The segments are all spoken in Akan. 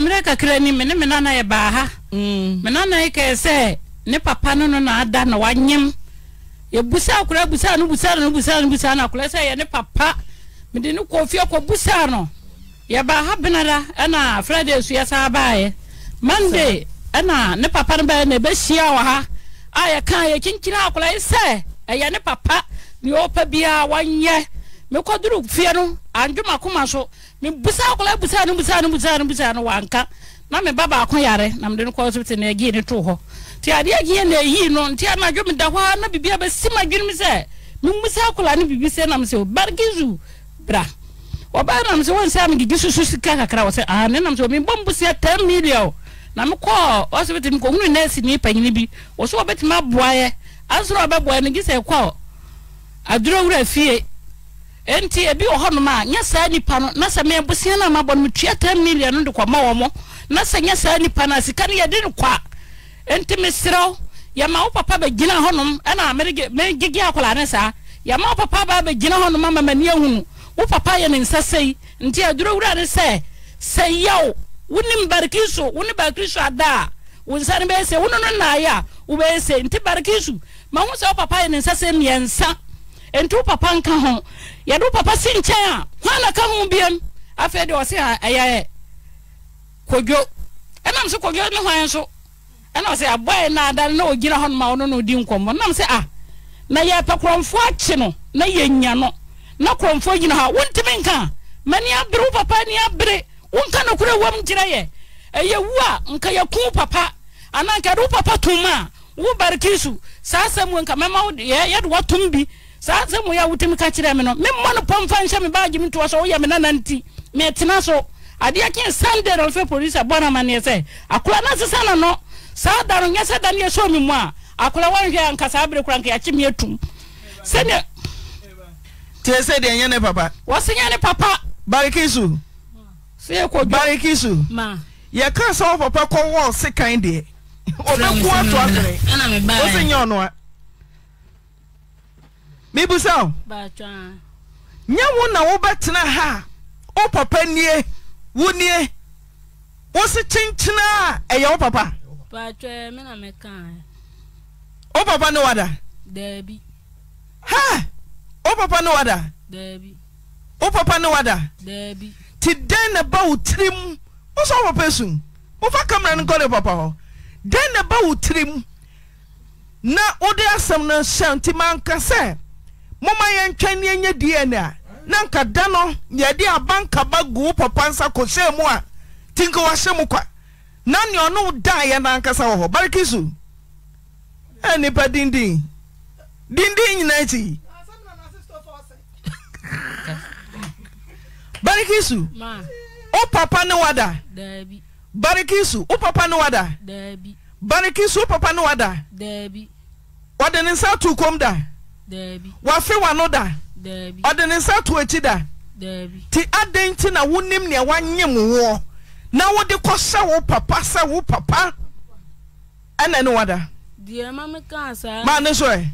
mmerɛ kakra ni me ne me nana yɛ baa ha mm. me nana yɛ kɛɛ sɛ ne papa no no na ada na wanyem yɛbusa akora busa no busa no busa no busa no akora sɛ yɛ ne papa mede ne kɔɔ fie kɔbusa no yɛbaa ha benada ɛna friday so yɛsaa baeɛ monday ɛna ne papa no bɛyɛ na ɛbɛhyia wɔ ha a yɛka yɛkyenkyina akora yi sɛ ɛyɛ ne papa ne ɔpɛ biara wanyɛ mekɔduru fie no andwoma koma so mi mebusa akwadaa busa ni busa ni busa ni busa ni wanka na me ba baako yare na mede no kɔ hospital na agii ne too hɔ nti adeɛ agii na yi no ti ana adwo mi da ho na bibia ba biribi abɛsi mi adwene mu sɛ memusa akwadaa no biribi sɛ nam sɛ bargizu bra wa ba na ɔbaa nam sɛ wɔnsɛ a megigi susu sika kakra wɔ se a ah, ne na mi nam sɛ mebɔ mbusia 10 million na mi ko mekɔɔ hospital mekɔhunu nɛɛsi ne ni bi wɔ so wɔbɛtumi aboaeɛ ansoro a ni gi se sɛ ɛkɔ wura fie enti ebi wɔ hɔnom a nyɛ saa nipa no na sɛ mɛ abusua no a mabɔ no metua ta million no de kɔma wɔn na sɛ nyɛ saa nipa no a sika no yɛde no kɔ a nti meserew yɛma wo papa bɛgyina hɔnom ɛna megege akwaraa ne saa yɛma wo papa baa bɛgyina hɔnom ama m'ani ahunu wo papa yɛ ne nsa sei nti aduro wura ne sɛ sɛ yaw wonim barikiso wone barikiso ada a wo nsa no bɛyɛ se wo no no naayɛ a wobɛyɛ se nti barikiso ma ho sɛ wo papa yɛ ne nsa sɛ mmiɛnsa ntu papa nka ho yɛde papa si nkyɛn a hwan na ka ho biam afei deɛ ɔse a ɛyɛ kodwo ɛnam sɛ kodwo ne hwan nso ɛna ɔsɛ abɔe na adane na ɔgyina hɔ noma ɔno na ɔdi nkɔmmɔ nam sɛ a na yɛpɛ korɔmfoɔ akye no na yɛnya no na korɔmfoɔ gyina hɔ a wontimi nka mani abere wo papa ani abere wonka nokorɛ wam nkyerɛ yɛ ɛyɛ wu a nka yɛku papa anaa nka yɛde wo papa tom a wo bareki su saa asɛm wɔ nka mɛma wo yɛde woatom bi saa sɛm yɛ a wotumi ka kyerɛ me no memmɔ no pɔmfa nhyɛ me baagye me toa sɛ woyɛ me nana nti metena so adeɛ kye sunday na ɔfɛ police a no amanneɛ sɛ akora na sesa na no saa da no nyɛ sɛ da no yɛsɛ me mu a akora wanhwɛ anka saa bere kora nka yɛakye me atum sɛdeɛ tie sɛ deɛ nyɛ ne papa wɔse nyɛ ne papa bariki so sɛ yɛkɔ bariki so yɛka sɛ wo papa kɔwɔ sekan deɛ ɔbɛko ato asere wo se nyɛ ɔnoa mibusa o nye wo na wobɛtena ha wo papa nie wo nie wo se kyenkyena a ɛyɛ wo papa wo papa ne wada Debi. ha wo papa ne wada Debi. wo papa ne wada Debi. ti dɛn na ba wo tirim wo sɛ wo papa sum wofa kamera ni nkɔde papa hɔ dɛn na ba wo tirim na wode asɛm no hyɛ nti manka sɛ momma yɛntwɛn ne ɛanya diiɛne a na nkada no neɛde abanka ba gu wo papa nsa koseamu a ti nke wahye m kwa na nne ɔno wo daa yɛ n'ankasa wɔ hɔ barek s nnipa dinin dinin nyinatbae snd wafe wano da ɔde ne nsa to akyi da nti adɛn nti na wonim nea woanyem woɔ na wode kɔsɛ wo papa sɛ wo papa ɛna ne wada ma ne so ɛ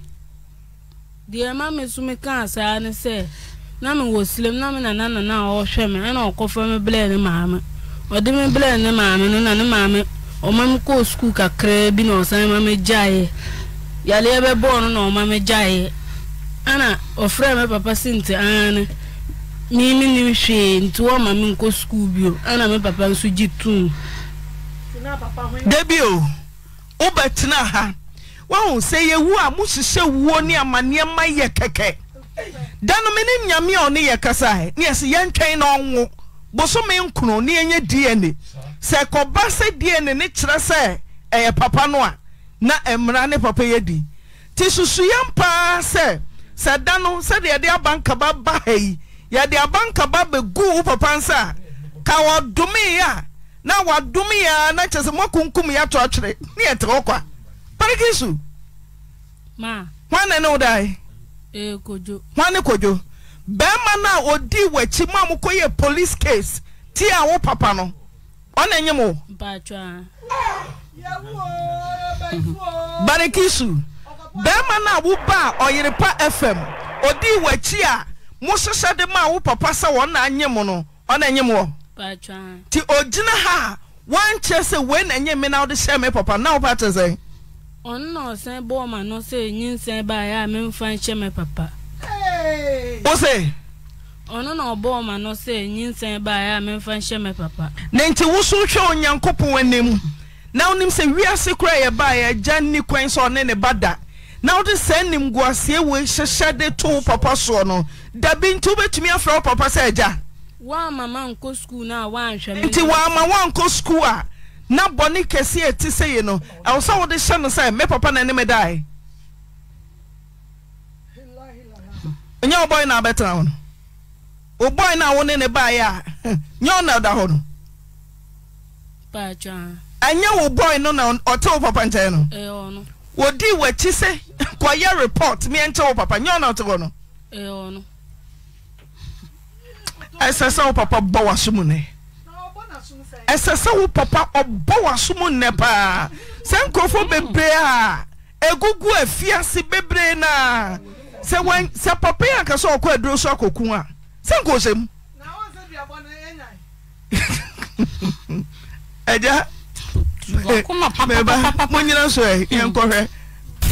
deɛ ma me so mekaa saa ne sɛ na mewɔ silem na me nana nana a ɔhwɛ me ɛna ɔkɔfa me blɛɛ ne maame ɔde me blɛɛ ne maame no na ne maame ɔma me kɔɔ sukuu kakraa bi na ɔsan ma me gyaeɛ yaleɛ bɛbɔɔ no na ɔma me gyaeɛ ana ɔfrɛ me papa si nti aane mimi nim hwee nti wɔma me nkɔ sukuu bio ana me papa nso gye tum da bio wobɛtena ha woahu sɛ yɛwu a mohyehyɛ wuo ne ama nneɛma yɛ kɛkɛ da no mene nyame a ɔne yɛ kasa ne yɛsɛ yɛntwɛn na ɔnwo bosome nkono ne yɛnyɛ dna sɛ kɔba sɛ dna ne kyerɛ sɛ ɛyɛ papa no a na mmara ne papa yɛ di nti susuyɛm paa sɛ sɛ da no sɛdeade abankaba ba hai yɛde abanka ba bɛgu wo papa nsɛ a ka wodomeea na wdomeia na kyɛ sɛ moakomkum yɛtoatyerɛ ne yɛt oa baresnea bɛima no odii wakyima a mokɔyɛ police case ti a wo papa no ne nm o bɛrima no a woba a ɔyerepa fm odii w'akyi a mohyehyɛ de ma a wo papa sɛ wɔn na nye mo no ɔna nyem wɔ nti ogyina ha a woankyerɛ sɛ wei na enye me na wode hyɛ me papa na wopa kyerɛ sɛ ɔno na ɔsɛn bɔɔ ma no sɛ nyinsɛn baeɛ a memfa nhyɛ me papa wo se ɔno na ɔbɔɔ ma no sɛ nyinsɛn baeɛ a memfa nhyɛ me papa na nti wo so hwɛ onyankopɔn anim na wonim sɛ wiase koraa yɛbaeɛ agya nni kwan sɛ ɔne ne ba da na wode saa nimguaseɛ wei hyehyɛ de to wo papa soɔ no dabi nti wobɛtumi afrɛ wo papa sɛ agya nti waama woankɔ skuul a na bɔne kɛseɛ ɛte sɛ yi no ɛwo sɛ wode hyɛ no sɛ me papa na ne me dae nyɛ wobɔe na abɛtena ho no wobɔe na wo ne ne baeɛ a nyɛ wo na ɛda hɔ no ɛnyɛ wo bɔe no na ɔte wo papa nkyɛn no wɔdi w'akyi sɛ kɔyɛ report meɛnkyɛ wo papa nyɛ ɔna ɔte hɔ no ɛsɛ sɛ wo papa bɔ w'aso mu nɛ ɛsɛ sɛ wo papa ɔbɔ w'aso mu nnɛ paa sɛ nkurɔfoɔ bebree a egugu afiase bebree na sɛ wɔn sɛ papa yi aka sɛ ɔkɔ aduro so akɔku a sɛ nkɔ ɔsɛ mu ɛgya. mɛba mo nyina so ɛ yɛn hmm. kɔhwɛ.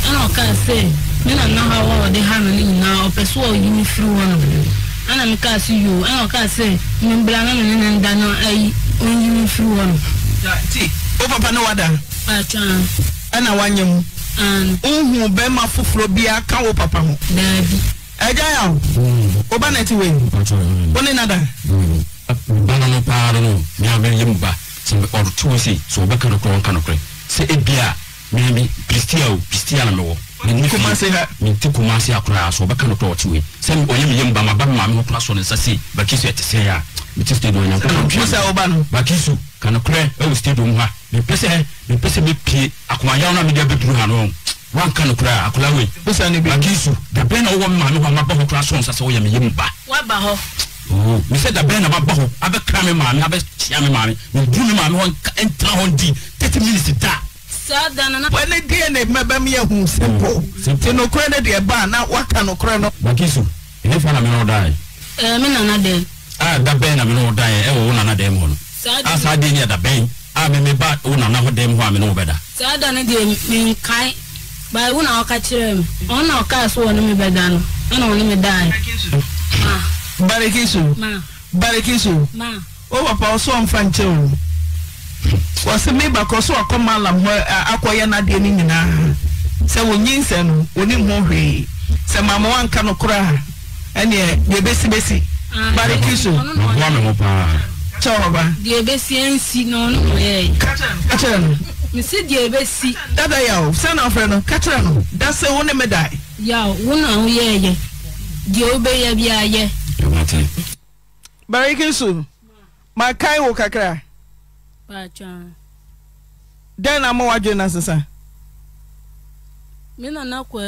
ɛna ɔka sɛ ne na nna hɔ a ha no ne ɔpɛ so ɔyi me firi hɔ no ɛna meka so yo ɛna ɔka sɛ membra na mene ne nda no ayi ɔnyi me firi hɔ no wo papa ne wada ɛna woanyɛ mu wohu bɛrima foforɔ biaa ka wo papa ho daabi ɛgya ya wo woba na ɛte wei wo ne nada ba no no paa no no meabɛyɛ mu ba sɛ ɔte wo se sɛ wɔbɛka nokorɛ wɔnka nokorɛ sɛ ɛbia meme pristia o pristia na mewɔ mente koma ase akoraa so wɔbɛka nokorɛ wɔte wei sɛ ɔyɛ meyɛ mba maba me maame hɔkora sɔ ne nsa sei baki so ɛte sɛ a mete stadium nyankopɔn baki so ka nokorɛ ɛwɔ stadium ha mepɛ sɛ mepɛ sɛ mɛpie akomayaw no a mede abɛduru ha no wanka no koraa akola wei baki so da na wowɔ me maame hɔ amaba hɔkora sɔ nsa sɛ woyɛ meyɛ mba mi sɛ na ma ba hɔ abɛkra mi maame abɛkyia mi maame ndu mi maame hɔ ntina hɔ ndi thirty minutes ne na ɛma bɛm yɛ hu simple te nokora ne ba na waka nokora no. bakisu ɛyɛ fa na mi n'o da ɛɛ mi nana dɛ. a dabɛn na mi n'o da yɛ ɛ o nana dɛ mu saa den yɛ mi mi ba o nana dɛ mu a da. saa da ne mi na ɔka kyerɛ mi ɔn na ɔka so barikisu barikisu o papa ọsọ nfa nkyɛn o wɔsi mi bakɔ so akɔ malam hɔ akɔyɛ n'adeɛ ne nyinaa sɛ wonyi nsɛ no onim ho hwee sɛ maama wanka no koraa ɛneɛ deɛ besi besi barikisu kyɛ wɔ ba. deɛ besi nsi na ɔno yɛ. kakyɛ no. mesi deɛ besi. dada yaw sɛ na no kakyɛ no dasɛ wo ne mi da. yaw wo na ho yɛ yɛ deɛ wo bɛ yɛ bi ayɛ. bariki nso, ma kai wo kakra dɛn na mo wadwe na sesa me nana kɔ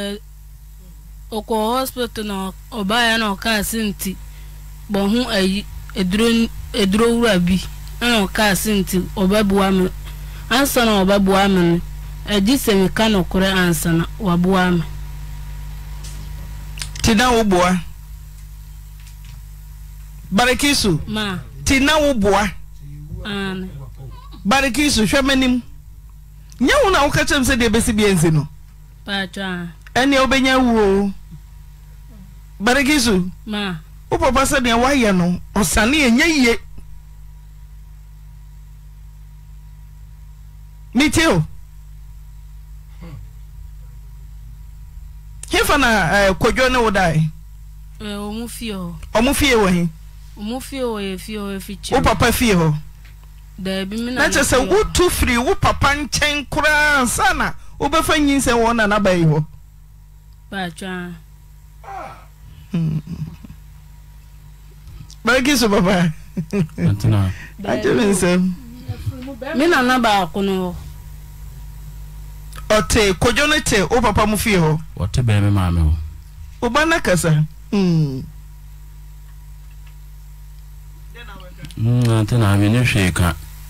ɔkɔ hospital na ɔbaeɛ na ɔkaa se nti bɔho ayi eduro eduro wura bi ɛna ɔkaa se nti ɔbɛboa me ansa na ɔbɛboa me no agye sɛ meka nokorɛ ansa na waboa me nti na woboa barikisu ti na wo boa barikisu hwɛ m'anim nyɛ wo na woka kyerɛ m sɛ deɛ bɛsi bia nsi no ɛnea wobɛnya wuo barikisu wo papa sɛ deɛ woayɛ no ɔsane ɛnyɛ yie metio hefa na eh, kodwo ne wo dae eh, ɔmo fie wɔ he wo papa fie hɔ na kyɛ sɛ woto firi wo papa nkyɛn koraa nsa na wobɛfa nyinsɛ wɔ nana ba yi hɔ baki so papa akyɛme nsɛm me nana baako no hɔ ɔte kodwo no te wo papa mu fie hɔ ɔte bɛɛ me maame hɔ wo ba na kasa hmm. nante na mi ne hwee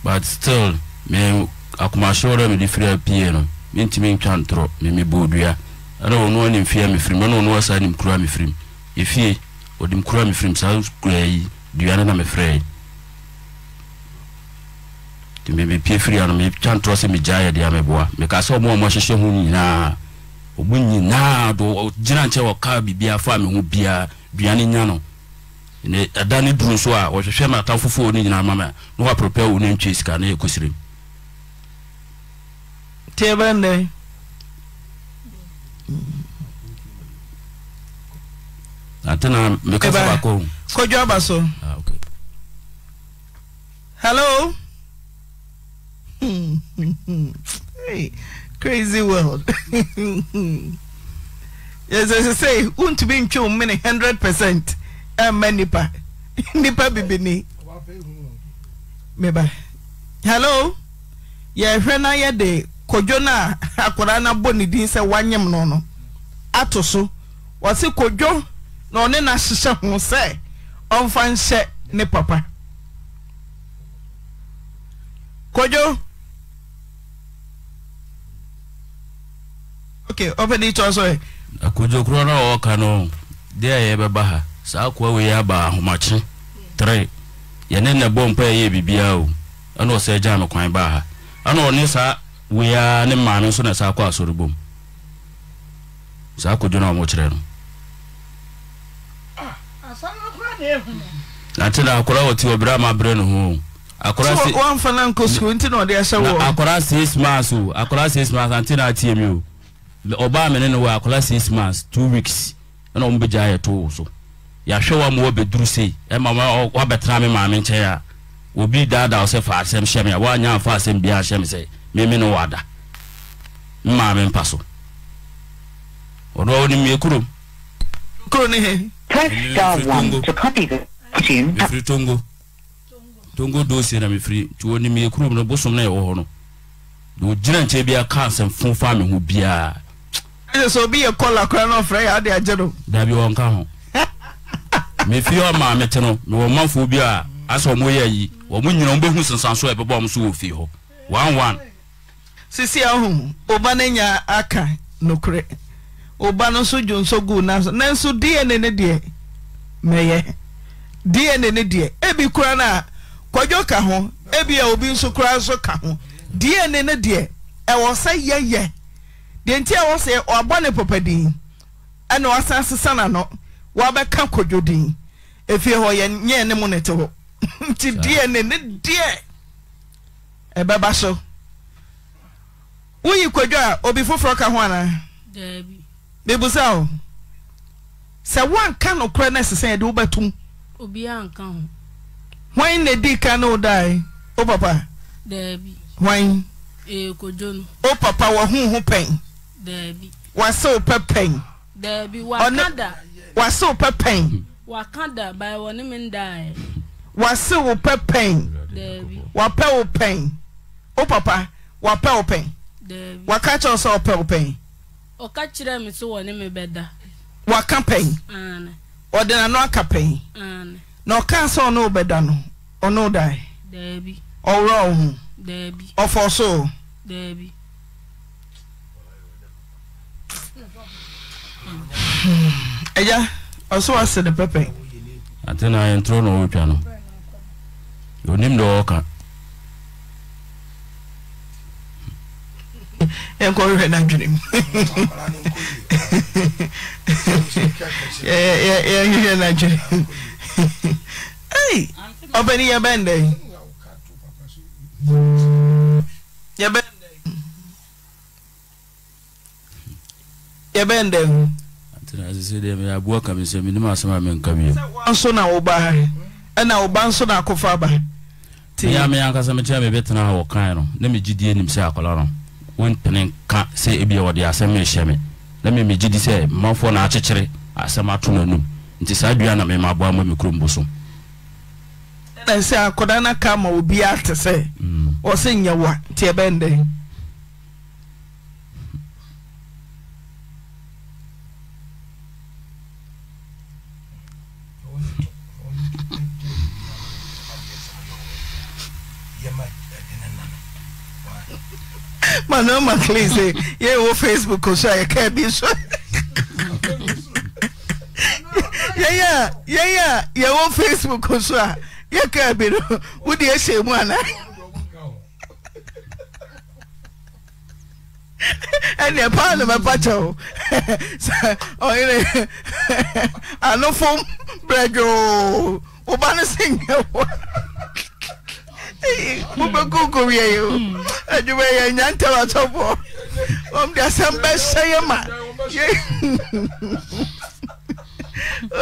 but still me akomahye wɔrɔ mede firi apie no mentumi ntwa ntorɔ me mebɔ dua ɛna ɔno anim fie a mefirim ɛna ɔno asaa nim kura mefirim ɛfie ɔdim kura mefirim saa kura yi dua no na mefrɛe nti mepie firi ano metwa ntorɔ sɛ megyaeɛ deɛ meboa meka sɛ ɔma ɔma hyehyɛ ho nyinaa ɔmu nyinaa do gyina nkyɛ wɔka biribiaa fa me ho biaa dua no nya no ne ɛda ne duru nso a wɔhwehwɛ ma ata foforɔ no nyinaa mama na wɔaprepare wo no ntwe sika na yɛkɔ sirem ntiɛ bɛ nnɛ atena mekasa baakɔ kɔdwo aba so ah, hello crazy world yɛsɛ sɛ sɛ wontumi ntwe wo mene 100 percent ɛmma nipa nipa bibini meba hello yɛhwɛ na yɛde kodwo na a akwadaa no abɔ ne din sɛ wanyem no no ato so wɔse kodwo na ɔne n'ahyehyɛ ho sɛ ɔmfa nhyɛ ne papa kodwo ok ɔpɛ de kyɛ sɛ akodwo korɔ no a ɔwɔ ka no ha saa akoa wei aba ahomakye tre yɛne na bɔ mpa yɛyɛ biribiaa o ɛna ɔsɛ gya me kwan baa ha ɛna ɔne saa wei a ne maame nso na saa kɔ asɔre bom saa kodwo no a ɔmokyerɛ no nate na akora. wɔte wɔ berɛ a mabrɛ no ho akɔra se wɔmfa na nkɔ sukuu nti na ɔde ahyɛ wɔ akɔra six months o akɔra six months ante na atie mi o ɔbaa me ne no wɔ akɔra six months two weeks ɛna ɔmo bɛgya ayɛ too so yɛahwɛ wa ma wɔbɛduru sei ɛma woabɛtena me maame nkyɛn a obi daadaa wo sɛ fa asɛm hyɛ me a woanya fa asɛm biaa hyɛ me sɛ meme ne wada maame mpa so ɔno a wone mmie kurom kuro ne he mefiri tongo tongo dosie na mefiri nti wɔne mmie kurom no bosom no yɛwɔ hɔ no na ogyina nkyɛn biaa ka asɛm fo fa me ho biaa ɛsɛ sɛ obi yɛ kɔla koraa na ɔfrɛ yɛ ade agye no daabi wɔnka ho mefie maame mete no mewɔ manfoɔ bi a asɛ ɔmo yɛ yi wɔn mo nyina wɔbɛhu sensan so a ɛbɛbɔ ɔmo so wɔ fie hɔ one one. sisi ahu oba ne nya aka nokorɛ oba no nso dwo nso gu n'aso nanso dna ne deɛ mɛyɛ dna ne deɛ ebi kura na kwadwo ka ho ebi a obi nso kura nso ka ho dna ne deɛ ɛwɔ sɛ yɛyɛ deɛ nti a wɔsɛ ɔabɔ ne papa din ɛna ɔsan n'o. n'ano. wabɛka kodwo din efie hɔ yɛ nyɛ ne mu ne te hɔ nti deɛ ne ne deɛ ɛbɛba so woyi kodwo a obi foforɔ ka ho anaa bibusa o sɛ woanka nokorɛ no ɛsesɛ yɛde wobɛtom hwan na di ka ne wo dae wo papa hwan eh, wo papa waho ho pɛn wase wo pɛ pɛn ɔne wase wo pɛpɛn waka da bae wɔ ne me ndae wase wo pɛpɛn wapɛ pɛn wo papa wapɛ wo pɛn waka kyerɛ wo sɛ wɔpɛ wo pɛn ɔka kyerɛ me so wɔ ne me bɛda waka pɛn ɔde n'ano aka pɛn na ɔka sɛ ɔne wo bɛda no ɔne wo dae ɔworɔ wo ho ɔfɔ so Hmm ɛya ɔso ase ne pɛpɛ. ate na ntoro na ɔretwa no onim deɛ ɔreka. yɛnkɔ hwɛ n'adwene mu yɛnhwɛ n'adwene mu ɛyi ɔbɛni yɛbɛn dɛ yɛbɛn dɛ yɛbɛn dɛ. Eh, aboa ka mesɛ menim asɛm a menka bianso na woba ha ɛna woba nso na akɔfa ba ya me ankasa mekyerɛ mebɛtena ha wɔkae no na megyedie nim sɛ akɔla no wontene nka sɛ ebia wɔde asɛm mehyɛ me na memegyedi sɛ mafoɔ na akyekyere asɛm ato no anum nti saa dua na mema aboa ma me kurom bo so ɛna sɛ akɔda no ka ma obiaa te sɛ mm. ɔsɛ nyɛ wa nti ɛbɛndɛn manama klee e o facebook o é, é a yɛka bi so yɛyɛ a o facebook so a yɛka bi no wode o mu ana ɛne paa no mɛpa kyɛ wo ɔyere anofom brɛdwoo woba no sɛ nyɛ wɔ mobɛkoko wiɛ yi o adwuma yɛ nya ọ asɔfoɔ ɔm de asɛm bɛhyɛ yɛ ma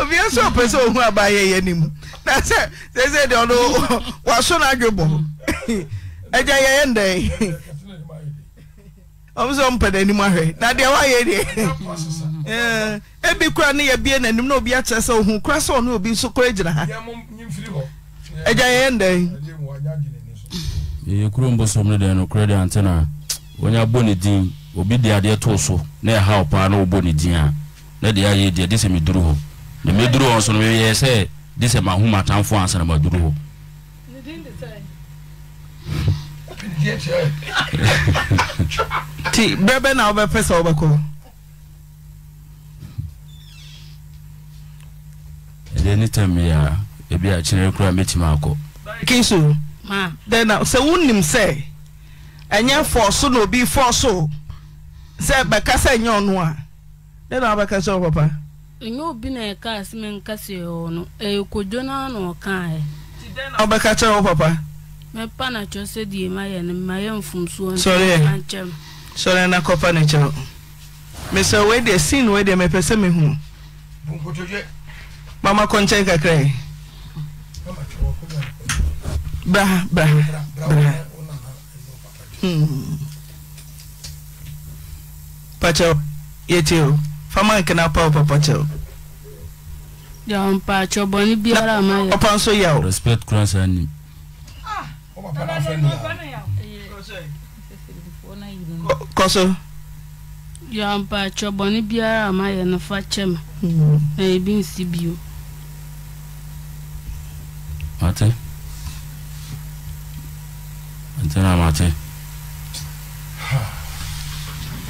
obi nso ɔpɛ sɛ ohu aba yɛyɛ ne mu na sɛ sɛsɛ deɛ ɔno waso no adwebɔ agya yɛyɛ ndɛn ɔm sɛ ɔmpɛ n'anim ahwɛ na deɛ woayɛ deɛ ebi kora ne yɛbie n'anim na obi akyerɛ sɛ ohu kora sɛ ɔne obi nso kora gyina ha agya yɛyɛ ndɛn ee mbɔ sɔm no deɛ nokorɛ na onye bɔ ne din obi de adeɛ too so na ɛha wo paa na wobɔ ne a na deɛ ayɛ deɛ de sɛ meduru hɔ na meduru hɔ nso no meyɛɛ sɛ de sɛ atamfoɔ ansa na maduru Uh, sɛ nim sɛ ɛnyɛ fɔso na obi fɔso sɛ bɛka sɛ nyɛ ɔno a na wabɛka sɛ oh, papa. ɛnyɛ obi na ɛka ase menka sɛ ɔwɔ no ɛyɛ kodwo no na wobɛka kyerɛ wo papa mɛpa na kyerɛ sɛ deɛ mayɛ no mayɛ mfomsoɔ nkyɛm sɔre na kɔpa no kyerɛ mesɛ wei deɛ sin wei deɛ mepɛ sɛ mehu mama kɔnkyɛn bra bra bra pacho yɛtie o fama nkena pa o papa kyɛw yàwọn mpatsɔ bɔnni biara ma yɛ. ɔpa nso yà o. respect kura sa ni. kɔsɔ. yàwọn mpatsɔ bɔnni biara ma yɛ nafa kyɛm na ebi hmm. eh, nsi bi o. tena mate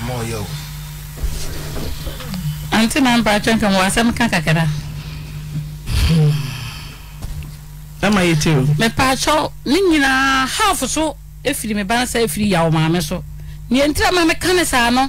moyo anti na mba atwa nka mwa asɛm ka kakra ama yɛte o mepaakyɛw ne nyinaa half so ɛfiri me ba no sɛ ɛfiri yaw maame so neɛ ntira ma meka ne saa no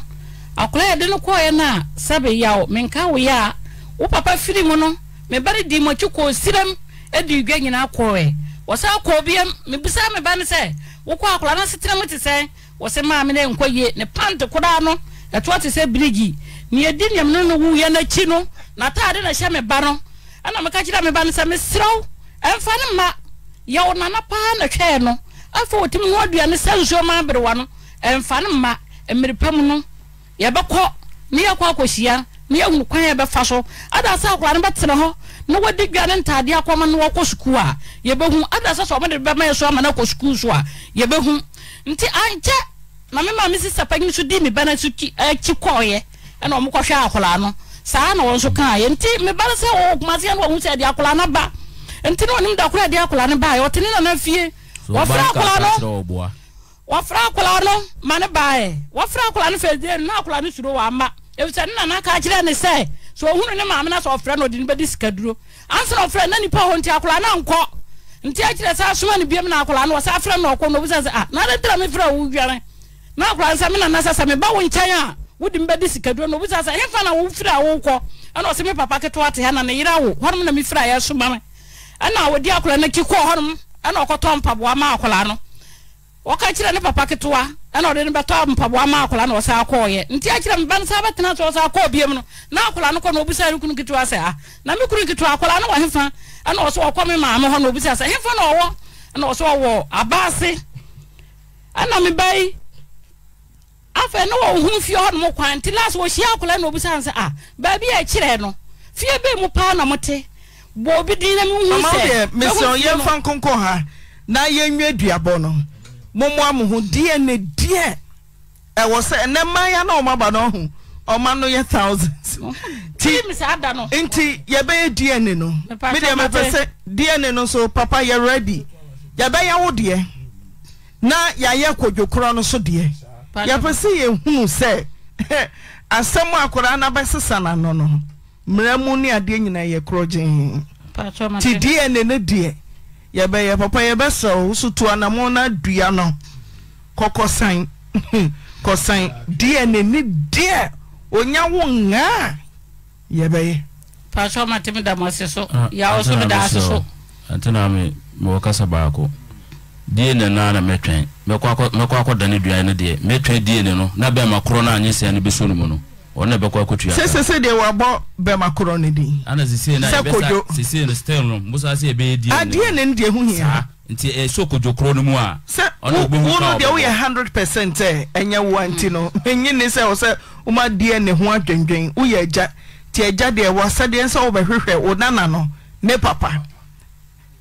akora yɛde no kɔɔyɛ no a sɛbe yaw menka woyɛ a wo papa firi mu no meba no di mɔkyi kɔɔ siram adi dwa nyinaa kɔɔɛ wɔsa kɔɔ biam mebisa meba no sɛ wokɔ akwadaa na setena mu te sɛ wɔ sɛ maame no nkɔ yie ne pante koraa no ɛtoɔ te sɛ birigi ne yɛdi nea no no wuyɛ n'akyi no n'ataade na hyɛ me ba no ɛna meka kyerɛ me ba no sɛ meserɛw ɛmfa ne ma yɛwo nana paa na twɛɛ no afa wɔtumi ho aduane sɛ nsuo ma berewa no ɛmfa ne ma mmere pa mu no yɛbɛkɔ ne yɛkɔ akɔhyia ne yɛhunu kwan yɛbɛfa so ada sɛ akwadaa no bɛtena hɔ na wɔde dwa ne ntadeɛ na wɔkɔ sukuu a yɛbɛhu ada sɛ sɛ ɔmode bɛma yɛ so ama no akɔ sukuu so a yɛbɛhu nti ankyɛ na me maame panyin so di me ba so akyi eh, kɔɔyɛ ɛna ɔmo kɔhwɛ akwaraa no saa na wɔn nso kaayɛ nti me ba sɛ oh, sɛ akwaraa na ba nti na ɔnim da koro ɛde akwaraa ɔte ne nana fie wɔfra no wɔfra akwaraa no ma ne wɔfra akwaraa no fɛ so ohun ne maame na sɛ ɔfrɛ na ɔde ne bɛdi sika duro ansa na ɔfrɛ na nipa hɔ nti akwaraa na nkɔ nti akyerɛ sɛ asoma ah, ne biam na akwaraa na ɔsɛ afrɛ na ɔkɔ na obi sɛ a ah, na ade tira me frɛ wo wiare na akwaraa nsɛm na nasa sɛ meba wo nkyɛn a wode me bɛdi sika duro na obisa sɛ ɛhefa na wofiri a wokɔ ɛna ɔsɛ me papa ketewa te ha na ne yera wo hɔnom na mefiri a yɛsoma me ɛna wɔdi akwaraa no ki kɔɔ hɔnom ɛna ɔkɔtɔ mpaboa ma akwaraa no wɔka kyerɛ ne papa ketewa ɛna ɔde no bɛtɔ mpaboa ma akwadaa na ɔsan akɔɔyɛ nti akyerɛ mba no saa bɛtena so akɔɔ na akwadaa no kɔ na obisa ne ketewa sɛ ah na me kunu ketewa akwadaa no wɔ hefa ɛna ɔsɛ ɔkɔ me maame hɔ na obisa sɛ hefa na ɔwɔ ɛna ɔsɛ ɔwɔ abaase ɛna me ba yi afɛ ne wɔ ohun fie hɔ kwan nti laas wɔhyia na sɛ a baabi a ɛkyerɛ no fie bɛɛ mu paa na mote bɔ obi din na me hu sɛ mama deɛ na momoamho dea nɛ deɛ ɛwɔ sɛ ɛnɛ ma yɛna ɔmaba nhu ɔma no yɛ nti yɛbɛyɛ ne noɛɛɛɛ ne noso papayɛerdi yɛbɛyɛwo deɛ na yɛyɛ kdwokrɔ oodeɛyɛɛ sɛ yɛnusɛ asɛm akaraa na bɛsesa nonɔno mra mu ne adeɛ nyinayɛ krɔeɛn yɛbɛyɛ papa yɛbɛsɛ wo so to anamo no adua no kɔkɔsan kɔsan deɛ n'ani deɛ onya wo ŋaa yɛbɛyɛ paatwa matemi da mo ase so ah, yawo so meda ase so ɛntena me mewɔ kasa baako dna naa na mɛtwɛn mɛkɔ akɔdane dua no deɛ mɛtwɛn dna no na bɛma korɔ no anyɛ sɛ no bɛso no mu no wọn na bɛkɔ akutu yàrá. sese de wabɔ bɛma korɔ ne din. ana sese na ebe sa sese na stem room. musa ase ebe edie ah, ne. adeɛ ne ne deɛ ho hia. saa nti ɛsɛ eh, okojo korɔ no mu a. sɛ wo wo no deɛ woyɛ hundred percent ɛ eh, ɛnyɛ wo anti no enyi ne sɛ ɔsɛ ɔma deɛ ne ho adwendwen woyɛ ɛgya ti ɛgya e deɛ wasadeɛ nsa wɔbɛhwehwɛ wo nana no ne papa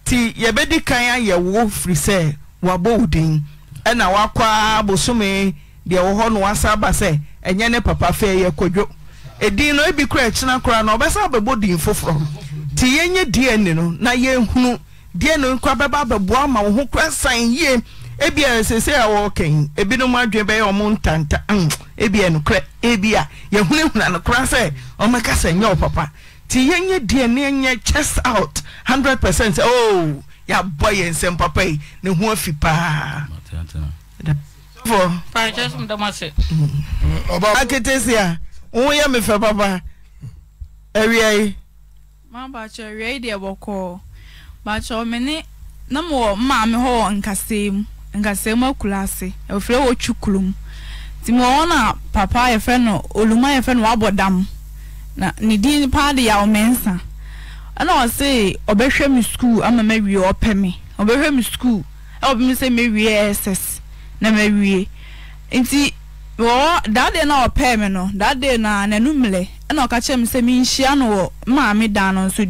ti yɛbɛdi kan ayɛ wo firi sɛ wabɔ wo din ɛna e wakɔ abosome. deɛ wɔ hɔ no wasa aba sɛ ɛnyɛ ne papa fɛ yɛ kodwo ɛdin no ebi kora ɛkyena kora no ɔbɛsa abɛbɔ din foforɔ nti yɛnyɛ dna no na yɛhunu dna kora bɛba abɛboa ma wo ho kora san yie ebi a sese a wɔɔkɛn ebinom adwene bɛyɛ ɔmo ntanta mm, ebi yɛ nokorɛ ebi a yɛhunahuna nokora sɛ ɔmɛka sɛ nyɛ wɔ papa nti yɛnyɛ dna yɛnyɛ chest out hundred percent "Oh, ya boy, yɛn nsɛm papa yi ne ho afi paa. aketesi a mm. wo yɛ me fɛ papa awia yi mabakyɛ awia yi deɛ bɔkɔɔ bakyɛ me ne na mewɔ maame hɔ wɔ nkasɛɛ mu nkasɛɛ mu akura ase ɛfrɛ e, wɔ twi kulum nti mewɔ mu. no na papa no oluma no wabɔ dam na ne din paa de nsa ɛna ɔbɛhwɛ skuul ama ɔpɛ ɔbɛhwɛ skuul ɛwɔ na mawie nti wɔ that day na ɔpɛɛ me no that day na n'anum lɛ ɛna ɔka kyerɛ me sɛ no wɔ maame dan no nso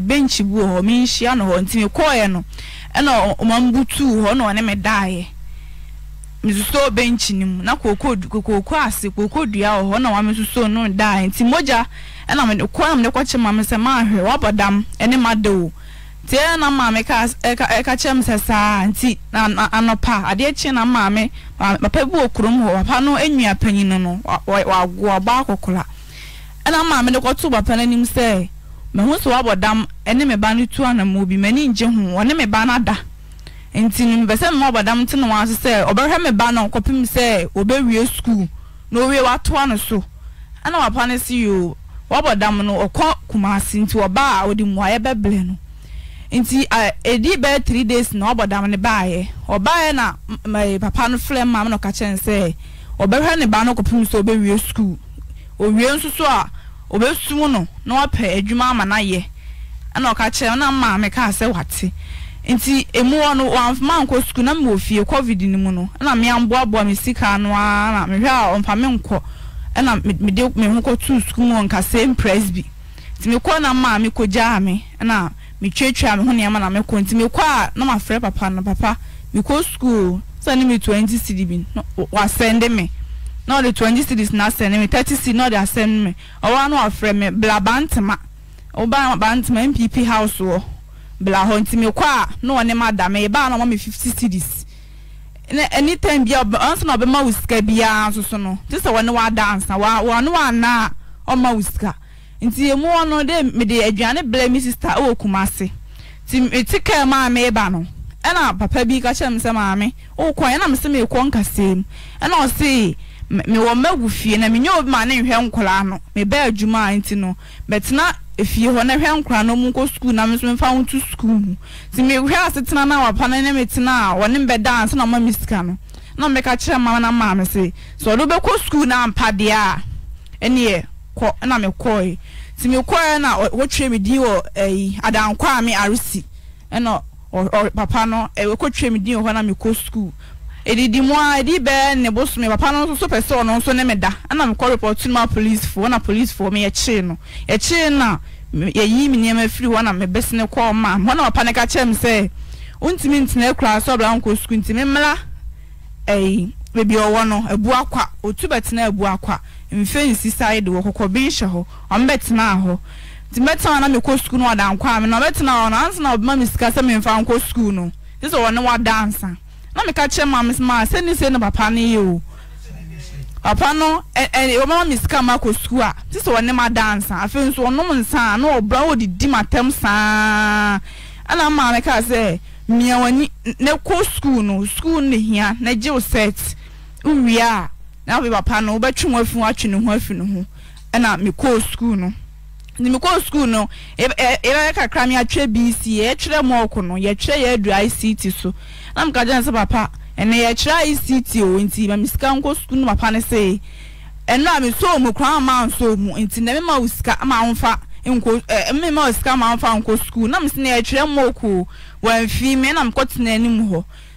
bu wɔ hɔ menhyia no hɔ nti mekɔɔɛ no ɛna hɔ na ɔne me no mu na ase dua wɔ hɔ na no nti mogya ɛna mede na mede kɔkyerɛ maame sɛ maahwɛ dam ɛne ma de tie na maame ka ɛka eh, eh, kyerɛ m sɛ saa nti anɔpa adeɛ kye na maame papa bi wɔ kurom hɔ papa no nua panyin no wago ɔba akɔkora ɛna maame de kɔto papa no anim sɛ mehu sɛ wabɔ dam ɛne me ba no tu anamu bi m'ani ngye ho ɔne me ba no ada nti no mpɛ sɛ mema ɔbɔ dam te na wɔn ase sɛ ɔbɛhwɛ me ba no kɔpem sɛ ɔbɛwie sukuu na owie watoa no so ɛna papa no si yoo wabɔ dam no ɔkɔ kumase nti ɔbaa a ɔde mmuayɛ bɛbrɛ no nti edi bɛyɛ three days na ɔbɔ dam ne baayɛ ɔbaayɛ na papa no filɛ maame na ɔka kyɛn sɛ ɔbɛhwɛ ne ba no kɔpem sɛ ɔbɛwie sukuu owie nso so a ɔbɛsum no na wapɛ adwuma ama no ayɛ ɛna ɔka kyerɛ na maame kaa sɛ wate nti emu hɔ no wamfama nkɔ sukuu na mmewɔ fie covid no mu no ɛna meamboaboa me sika no ara na mehwɛ a ɔmpa me nkɔ ɛna mede me ho kɔtoo sukuu mu nkasɛ mprɛs bi nti mekɔ na maame kɔgyaa me ɛna metwatwa me ho nneɛma na mekɔ nti mekɔ a na mafrɛ papa no papa mekɔ school sɛne me 20 cd bi wasɛnde me na ɔde 20 cds na asɛnde me 30 cd na ɔde asɛnde me ɔwɔ na wafrɛ me bla bantama ɔba bantama npp house wɔ bla hɔ nti mekɔ a na ɔne ma da me ɛbaa na ɔma me 50 cds na anytime bia ɔnso na ɔbɛma wo sika biara nso so no te sɛ wɔne wada ansa wɔne wɔana a ɔma wo sika nti mu ɔ no e mede adane ba me se wɛ kuma se ti mete ka ma mea o na aabi kakerɛ meɛ mehɛ setenaakerɛ ɛde bɛkɔ sku no mpadeɛ nɛ kɔ ɛna mi kɔɛ ti mi kɔɛ na wɔtwe mi din wɔ ɛyi adankwa mi arisi ɛna ɔ papa no ɛwɔ kɔtwe mi din wɔ hɔ na mi kɔ sukuu edidi mu a edi bɛɛ ne bo sumi papa no nso pɛ sɛ ɔno nso ne mi da ɛna mi kɔ report ma polisifoɔ na polisifoɔ mi yɛkyee no yɛkyee na yɛyi mi nneɛma firi hɔ na mi bɛsi ne kɔɔ ma hɔ na papa ne ka kyerɛ mi sɛ ntumi ntina ekura asɔ abira nkɔ sukuu ntumi mmla ɛyi beebi ɔwɔ no ebu akwa otu bɛtena ebu akwa. mfɛ nsi saede wɔ kɔkɔ bihyɛ hɔ ɔmbɛtena hɔ nti mɛtaa mekɔ kuoɔeɔɛ mearɛ ɛ aaoakɔ sku no skul no a na gye sɛt wi na afei papa no wobɛtwe ho afi ho atwe ne ho afi ne ho ɛna mekɔɔ sukuu no nti mekɔɔ sukuu no yɛbɛyɛ e-, e-, kakra me atwerɛ bc yɛtwerɛ mɔɔko no yɛtwerɛ yɛ adu ict so na meka gyene sɛ papa ɛnɛ yɛkyerɛ ict o nti ma me sika nkɔ sukuu no papa no sɛ ɛno a mesɔɔ mu koraa ma nsɔɔ mu nti na mema wo sika ma womfa nko ɛɛ mema wo sika ma womfa nkɔ sukuu na mesɛ na yɛtwerɛ mɔɔko wɔn mfii me na mekɔ tena anim hɔ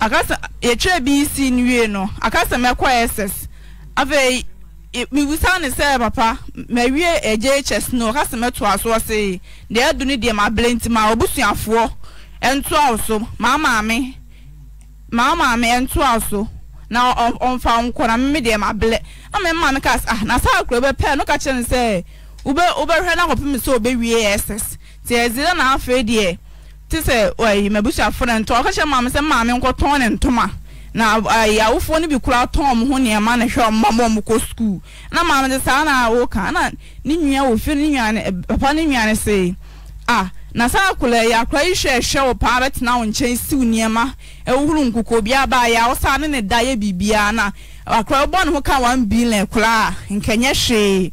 akasa yɛtwerɛ bi si no wie no akasa mɛkɔ ss afei mewusa ne sɛ papa mawie agye hs no ɔkasa mɛtoa so ɔse deɛ adu no deɛ mabrɛ nti ma ɔbusuafoɔ ɛntoa wo so maa maame maa maame ɛntoa so na ɔmfa nkɔ na meme deɛ mabrɛ na me maame ka ah na saa kuro bɛpɛ no ka kyerɛ no sɛ wobɛhwɛ no akɔpem sɛ obɛwie ss nti ɛzi na afei deɛ te sɛ ayi mabusuafo no ntɔ ɔka kyerɛ maame sɛ maame nkɔtɔn ne ntoma na ayi awofoɔ no bi kura tɔn mo ho nneɛma na hwɛ ɔmo ma ɔmo kɔ sukuu na maame de saa na awoka na ne nua wɔ fie ne nua ne eh, papa ne nua ne se a na saa akwadaa yi akwadaa yi hwɛ ɛhwɛ wɔ paa tena wɔn nkyɛn siw nneɛma ɛwuru nkukuo bi aba ayi awosa ne ne da yɛ biribiara na akwadaa bɔ ne ho ka one billion koraa nkɛnyɛ hwee.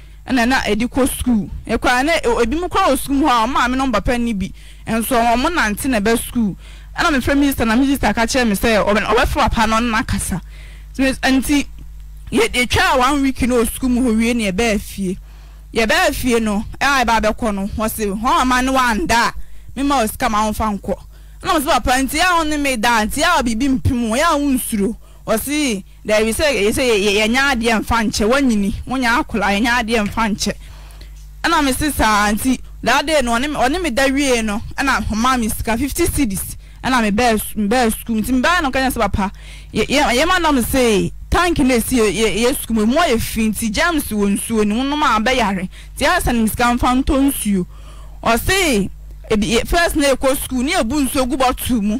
ɛna na ɛde kɔ sukuu ɛkwa na ebi mu kɔ wɔ sukuu mu hɔ a maame no papa ni bi nso wɔn nante na ɛbɛ sukuu ɛna mefrɛ minista na minista ka kyerɛ me sɛ ɔbɛfrɛ papa no na kasa nti yɛtwa a one week no wɔ sukuu mu hɔ wie na yɛbɛɛ fie yɛbɛɛ fie no ɛna yɛbɛ abɛkɔ no wɔsi wɔn ama no wanda a mema wɔ sika ma wɔn nkɔ ɛna wɔsi papa nti yɛ a wɔn ne me da nti yɛ a bibi mpem wɔn yɛ a wɔn daabi sɛ yɛ sɛ yɛnya adeɛ mfa nkyɛ wanyini wonya akola yɛnya adeɛ mfa nkyɛ ɛna me se saa nti daade no ɔne me da wie no ɛna ɔma me sika fifty cedis ɛna me bɛɛ me bɛɛ sukuu nti me bɛɛ no kanya sɛ papa yɛ yɛ ma nam se tank na esi yɛ yɛ sukuu mu mu yɛ fi nti germs wɔ nsuo ne mu nom a bɛyare nti ayɛsɛ ne sika mfa ntɔ nsuo ɔse ebi first na ekɔ sukuu ne ebu nsuo gu bɔtoo mu.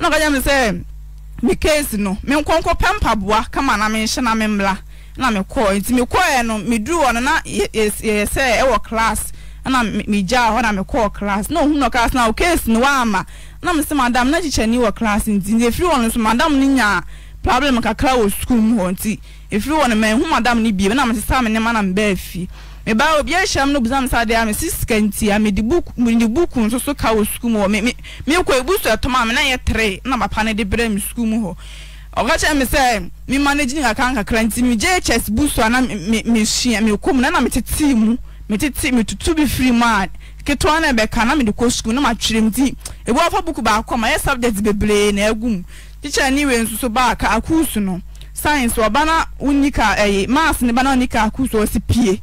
n kagya me sɛ me kese no menkɔnkɔ pɛmpaboa kama na mehyɛ na memba na mekɔ nti mekɔɛ no meduru wɔno na ɛ sɛ ɛwɔ class ngya hɔna mkɔ class na hnca se no wama names madam nakyekyɛ ne wɔ class ni ɛfiri wɔn smadam no nya problem kakra wɔ sukum hɔ nti ɛfiri wɔno mahumadam no bi na mesesa mennema na mbaafie me ba obi ahyia mu no busa sa deɛ mesi sika nti a me mede buku di buku nso so ka wɔ sukuu mu hɔ me me mekɔ ebu so ɛtɔm a me na yɛ tere na papa ne de brɛ me sukuu mu hɔ ɔka kyerɛ me sɛ me manage ne kakra nkakra nti me gye chess bu so a na me me sua me kɔ mu na na me tete mu me tete me tutu bi firi mu a ketewa na ɛbɛka na me mede kɔ sukuu na ma twere mu ti ebu afa buku baako ma yɛ subject bebree na egu mu teacher ni wei nso so baa ka akuusu no science ɔba na onika ɛyɛ maths ne ba na onika akuusu ɔsi pie.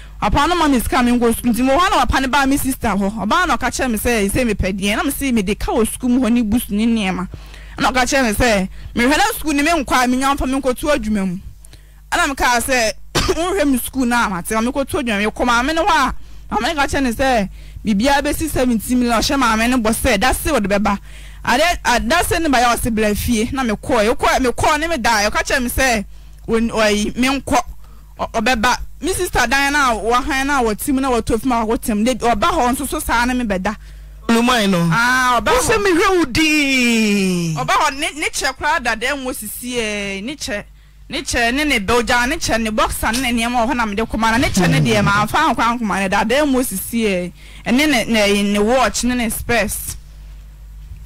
ɔpa no ma mea mekɔ s na pan ba me se aɛaɛ meɛ s ne mekɔ meaa mekɛ dm eaɛɛ m skɔka kɛ me sɛ mekɔ ɔbɛba mi sista dan na wahan na wɔte mu na wɔto fim a wɔte mu debi ɔba hɔ nso so saa na mi bɛda. olumai no aa ɔba hɔ wosɛ mi hwɛ wo dii. ɔba hɔ ne ne kyɛ koraa dada nwo sisi yɛ ne kyɛ ne kyɛ ne ne bɛw gya ne kyɛ ne bɔksa ne ne nneɛma wɔ hɔ na mi de kɔma na ne kyɛ ne deɛ hmm. ma afa nkwa nkoma ne dada nwo sisi yɛ ɛne ne ne ne wɔɔkye ne ne spɛs.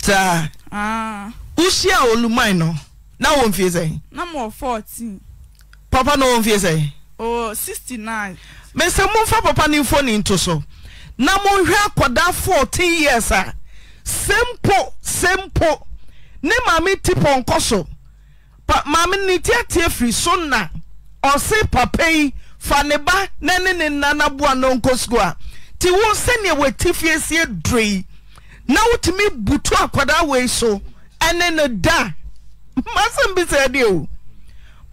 taa aa wusia olumai no na wɔn fie sɛ. na mo wɔ fourteen. papa na wɔn fie sɛ. Oh, mesmomfa papa nomfnito so na monhwɛ akɔda 4 yeas a sɛmpo sɛmpo ne mametipɔnkɔ so mame ne te ateɛ firi so na ɔse papa yi fa nneba nane ne nna noboa nonkɔ suko a nti wo sɛnea woatifiesie durɛi na wotumi buto akɔda wei so ɛne no da masɛm bisa ne o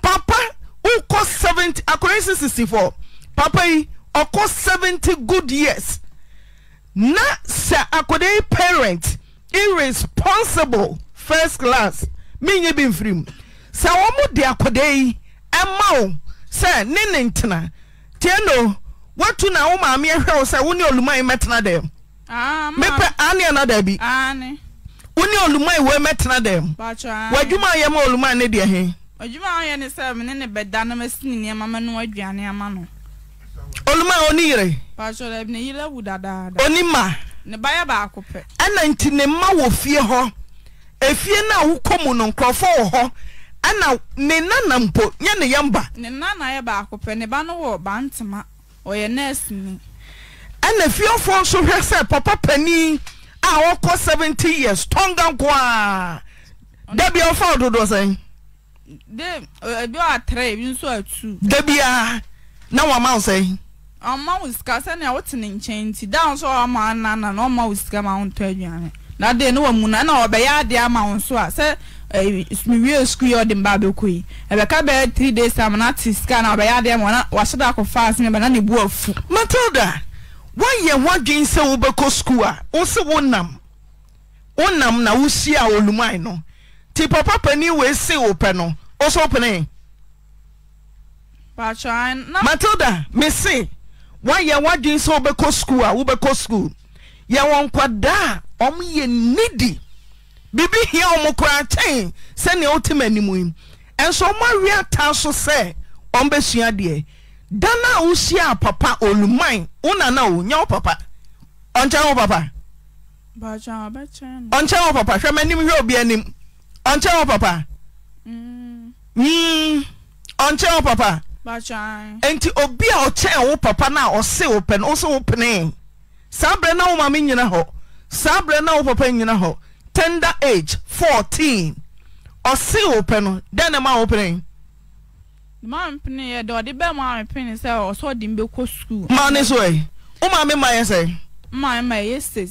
papa woa apa yi ɔkɔ 70 good years na sɛ adayi parent irresponsible first class menyɛ bi mfirimu sɛ wo mo de akɔda yi ɛma wo sɛ ne ne ntena ntiɛ no woatu na wo maameɛhwɛwo sɛ wo ne oluma imɛtenadmɛeadonema ɛdwama odwuma a ɔyɛ ne sɛ mene ne bɛda no masi ne nneɛma ma no aduane ama no oluma a ɔne yere paatwɛ daabi ne yere awu dadaada ɔne ma ne ba yɛ baako pɛ ɛna nti ne ma wɔ fie hɔ efie no a wokɔ mu no nkurɔfoɔ wɔ hɔ ɛna ne nana mpo nyɛ ne yɛmba ne nana yɛ baako pɛ ne ba no wɔ bantama ɔyɛ nɛɛsini ɛna fiefoɔ nso hwɛ sɛ papa panin a wɔkɔ seventy years tɔnga nko a dabi ɔfa ɔdodoɔ sɛn Eh, ebitɛb da bia na woma wo sɛaaɛ tas matada woayɛ ho adwen sɛ wobɛkɔ skuu a wose wo na wonam na wosie a ɔnuma no nti pa pa pani weɛsɛi wo pɛ no matilda me se woayɛ w'adwen sɛ wobɛkɔ skuul a wobɛkɔ skuul yɛwɔnkɔda a ɔm yɛ nnidi biribi hia wo mo koraa kyɛ sɛnea wotim anim yi ɛnso ɔmo awe ataa so sɛ ɔmbɛsua deɛ da na wohia apapa onuman wona na wonyɛ wo papa ɔnyɛn wo yɛn hɛyɛn wo pa Hmm. ɔnkyɛn wo papa enti obi a ɔkyɛn wo papa no a ɔse wo pɛ no wo se saa berɛ na woma me nyina hɔ saa berɛ na wo papa nyina hɔ tender age 14 ɔse wo pɛ no dɛn ne ma wo penee ma ne so ɛ woma me ma yɛ sɛ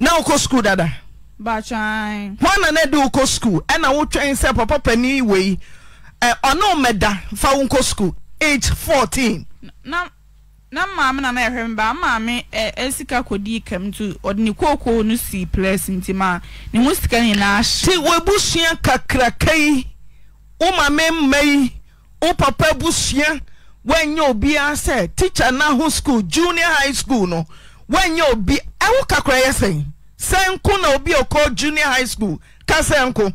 na wokɔ sukuu dada hɔ ana na de wokɔ sukuu ɛna wotwɛn sɛ papa pani wei ɔno eh, mmɛda fa wo school age fourteen. na na maame na na ɛhwɛ mba maame ɛ eh, ɛsika eh, kɔdi kam tu ɔde ne kookoo no si plɛs nti ma ne ho sika nyinaa ahye. ti wo ebusua kakraka yi wo maame mma yi wo papa ebusua wɔnyɛ obiara sɛ teacher na ho school junior high school no wɔnyɛ obi ɛwo kakra yɛ sɛn sɛnko na obi ɔkɔ junior high school ka sɛnko.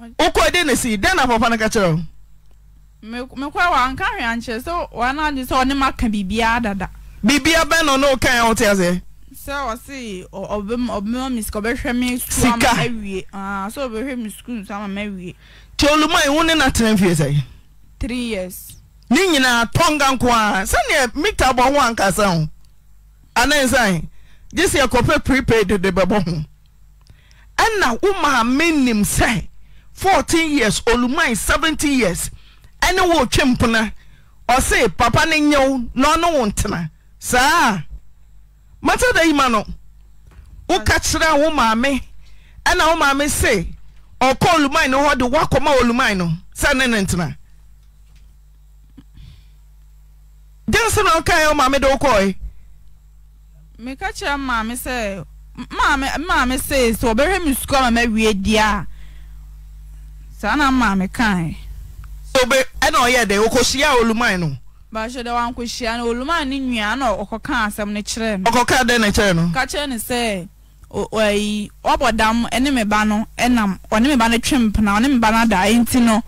wokɔ dɛn ne for dɛn na papa no ka kyerɛ wo mekɔa wanka hwɛ ankyerɛ sɛ wanade sɛ ɔne maka bibia dada bibia bɛn no ne woka a wote aseɛ si ɔse ɔbɛma me sika ɔbɛhwɛ me suamawie ah, sɛ ɔbɛhwɛ me sukuu so ama mawie nti oluma ɛhu ne na tena mfie sɛ years N'i nyina tɔnka nkwa a sɛneɛ mita bɔ ho ankasa ho anaa nsan gye sɛ yɛkɔpɛ e prepaid de bɛbɔ ho ɛna wo maa menim sɛ 14 years oluman 70 years ɛne wo mpuna ɔse papa ne na ɔne wo ntena saa mata da yi ma no woka kyerɛ wo maame ɛna wo maame se ɔkɔ oluman no hɔ de woakɔma oluman no sɛ ne ne ntena na wo maame de wokɔe meka kyerɛ maame sɛ maame maame se sɛ ɔbɛhwɛ me sukuu a saa na mmaa me kae ɛna ɔyɛ dɛ ɔkɔhyia oluman no baahyɛ dɛ wankɔhyia no oluman ne nua na ɔkɔka asɛm no kyerɛɛ no ɔkɔka dɛ ne kyerɛ no ka kyerɛ no sɛ ayi wabɔ dam ne me ba no ɛnam ɔne me ba no twe mpena ɔne me ba no da nti no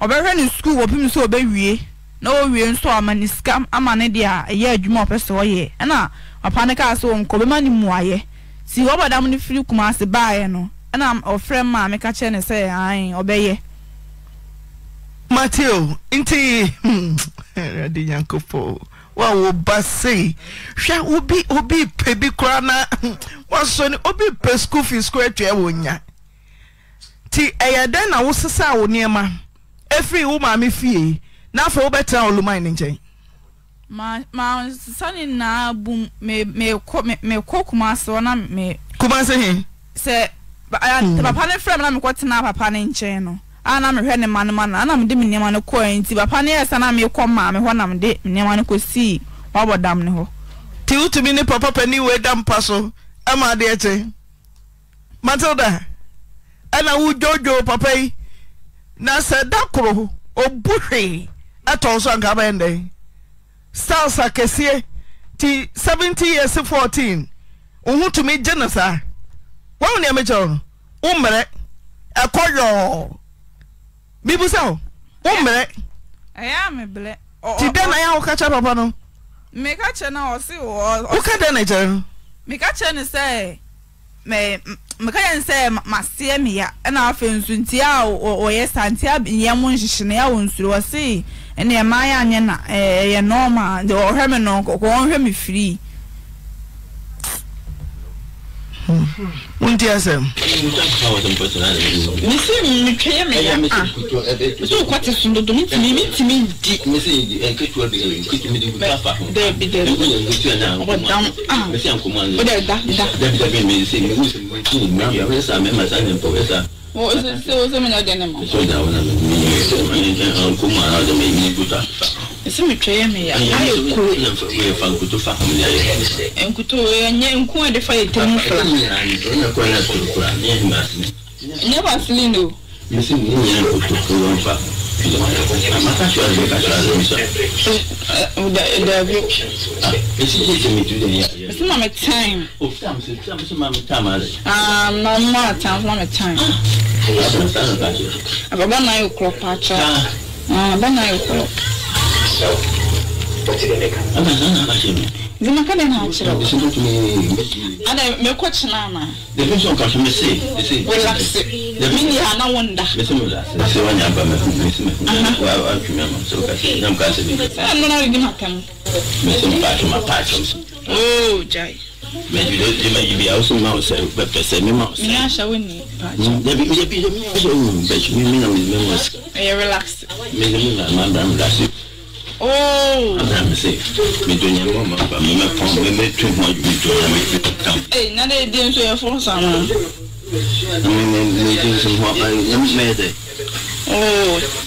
ɔbɛhwɛ ne sukuu wɔpem sɛ ɔbɛwie na ɔwie nso ama ne sika ama ne deɛ a ɛyɛ adwuma ɔpɛ sɛ ɔyɛ ɛna papa no kaa sɛ ɔnkɔ ɔbɛma ne mmuayɛ si wabɔ dam no firi kumase baeɛ no na ɔfrɛ mameka k ne sɛ ɛyɛ mateo nts hwɛ wobipɛbi kora na wosne obi pɛ schofee scoa atuawo ya nti yɛ dɛn na wo sesɛa wo nneɛma afri wo maame fie na fa wobɛtera oloma ne nkyɛn sane naakɔ kmas kumas Eh, hmm. papa ne frɛ m na mekɔtena papa ne nkyɛn no ana ah, mehwɛ ne ma no no ah, ana mede me nneɛma no kɔɛ nti papa ne na mekɔ maa hɔ na mede nneɛma no kɔsii wabɔ dam ne hɔ nti wotumi ne papa pani wei da mpa so ama adeɛ kye matilda ɛna papa yi na sɛ da koro ɔbu hwee so anka bɛn dɛn stars ti 70 years 14 wo wawo nea mekyerɛ wo no wommrɛ ɛkɔy mebu sɛ wo wommerɛɛedɛna ɛ woka kyeɛ papa noea krɛ owoka dɛn no kyerɛo eka krɛ ne ɛeka kyeɛ ne sɛ maseɛ meya na wafei nsnti a wɔyɛ sante a yɛ mo nhyehyene a a wo nsuro wɔse nde maa yɛ anyɛ na yɛ nɔmaɔhɛ me nɔɔhwɛ me firii wonti asɛm mese metwɛyɛ meyɛ so wokɔte so dodo metumi metumi di Ou se mwen a dene mwen? Sou da wana mwen, mwen se mwen, ɛsɛ metwa yɛ meyɛ ayɛ nkuto ɛnyɛ nko a de fa yɛ tam fra ɛnyɛ vaseline o dabi mesi ma me time ma mo atam ma me time ababa na ayɛ korɔ pa akyɛ ababa na ayɛ korɔ kyerɛw bɛte relax. Oh,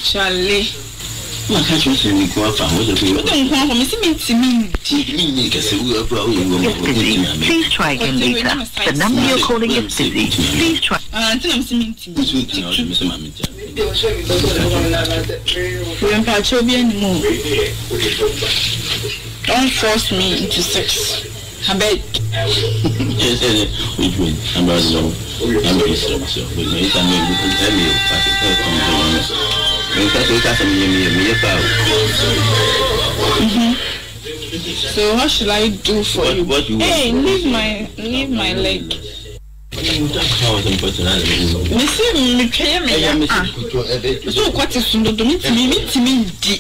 Charlie wọn aka kyerɛ sɛ nniku afa a wɔsɛ fei wodɛ nko ahɔ mesɛ mentimi ntimi nni kɛsɛ wo abu a woyɛ wɔ mɔtimi amɛ mpakyɛ obi anim o don't force me into sex abeg ɛsɛ ojue abazɔ abɛsrɛ sɛ ɛsɛ mɛ ɛmɛ ɛkɔ nka so nka sɛm yɛmyɛ meyɛ paa So what should I do for what, you? What you hey, want? leave my leave my leg. Mese metwɛyɛ me ya a so wokwate sundodo metumi metumi di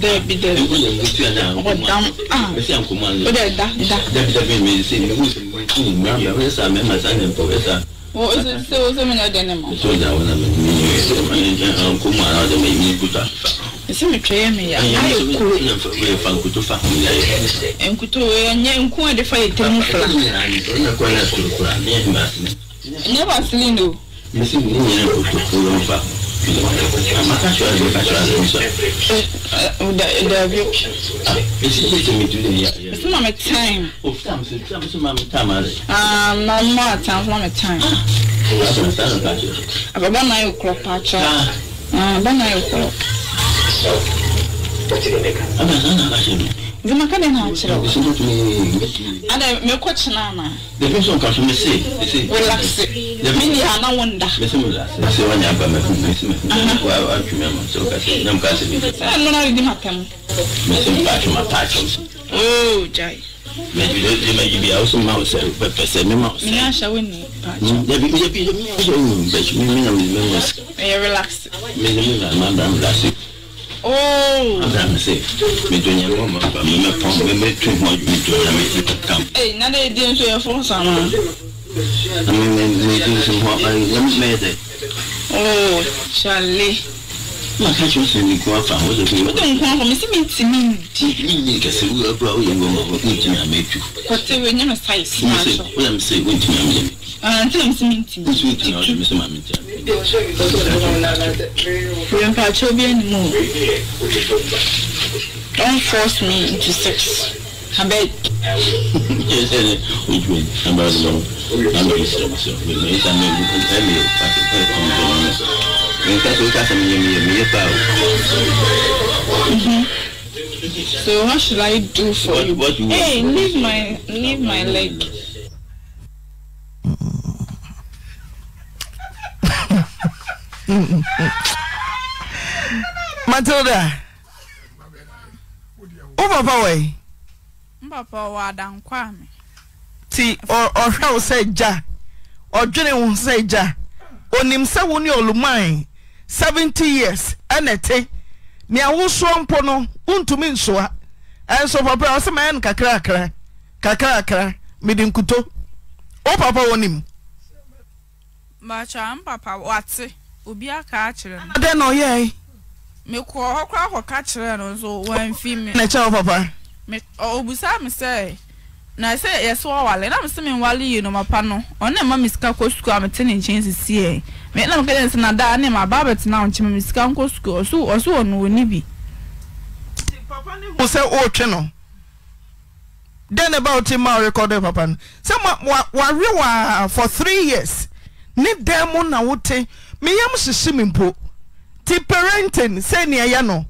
daabi daabi wodɛ da da sọjà wọn àmì mi yìí ẹsẹ mà o. ẹ sì ní ìyẹn dabi. Esi na mi time. Na mu atan na mi time. Ababa na ayo kuro paakyo. Ababa na ayo kuro. Vima ka dɛn n'a kyerɛ o. Ada mɛ kɔ kyerɛ a ma. Depi sɔn ka so mɛ se. Relaxe. Mi ni a na wɔn da. Mɛ se mi la se. Mɛ se wa nya ba mɛ kun mɛ se mɛ. Wa wa tu mɛ ma se o ka se ne mu ka se mi. Sɛ nuna yi di ma pɛmu. Mɛ se mi ka tu ma taa kyɛw. Oo jaa ye. Mɛ ju de de ma ju bi aw sɔn ma o sɛ mi ma o Mi y'a sɛ o ni paa kyɛw. Depi depi mi y'a sɛ o ni bɛ mi mi na mi mɛ ma Mɛ relaxe. Mɛ mi na ma da mi la Oh mpakyɛ force me into sex abeg. mm So what should I do for you hey, leave my leave my leg. matilda wo papa wɔ nti ɔhwɛ wo sɛ gya ɔdwene wo sɛ gya onim sɛ wo ne oluman 70 years ɛna te nea wosoɔ mpo no wontumi nsoa ɛnso papa ɔ sɛ mayɛ no kakrakra kakrakra mede nkuto wo papa wɔ nim obi aka akyerɛ no dɛn na ɔyɛ mekɔ hɔ koraa kɔka kyerɛ no nso wamfi me na kyɛ wo papa obusa me sɛ na sɛ yɛsɛ wɔwale na mesɛ menwale yi no no ɔne ma me sika kɔ sukuu a mete ne nkyɛn sisiɛ na mekɛdɛ sɛ na daa ne maba bɛtena wo nkyɛn me sika nkɔ sukuu ɔso wɔ no bi sɛ wotwe no dɛn ne ba wo ma worekɔdɛ papa no sɛ wawe wa for three years ne dɛn mu na wote meyam hyehye me mpo te parentin ya yɛ no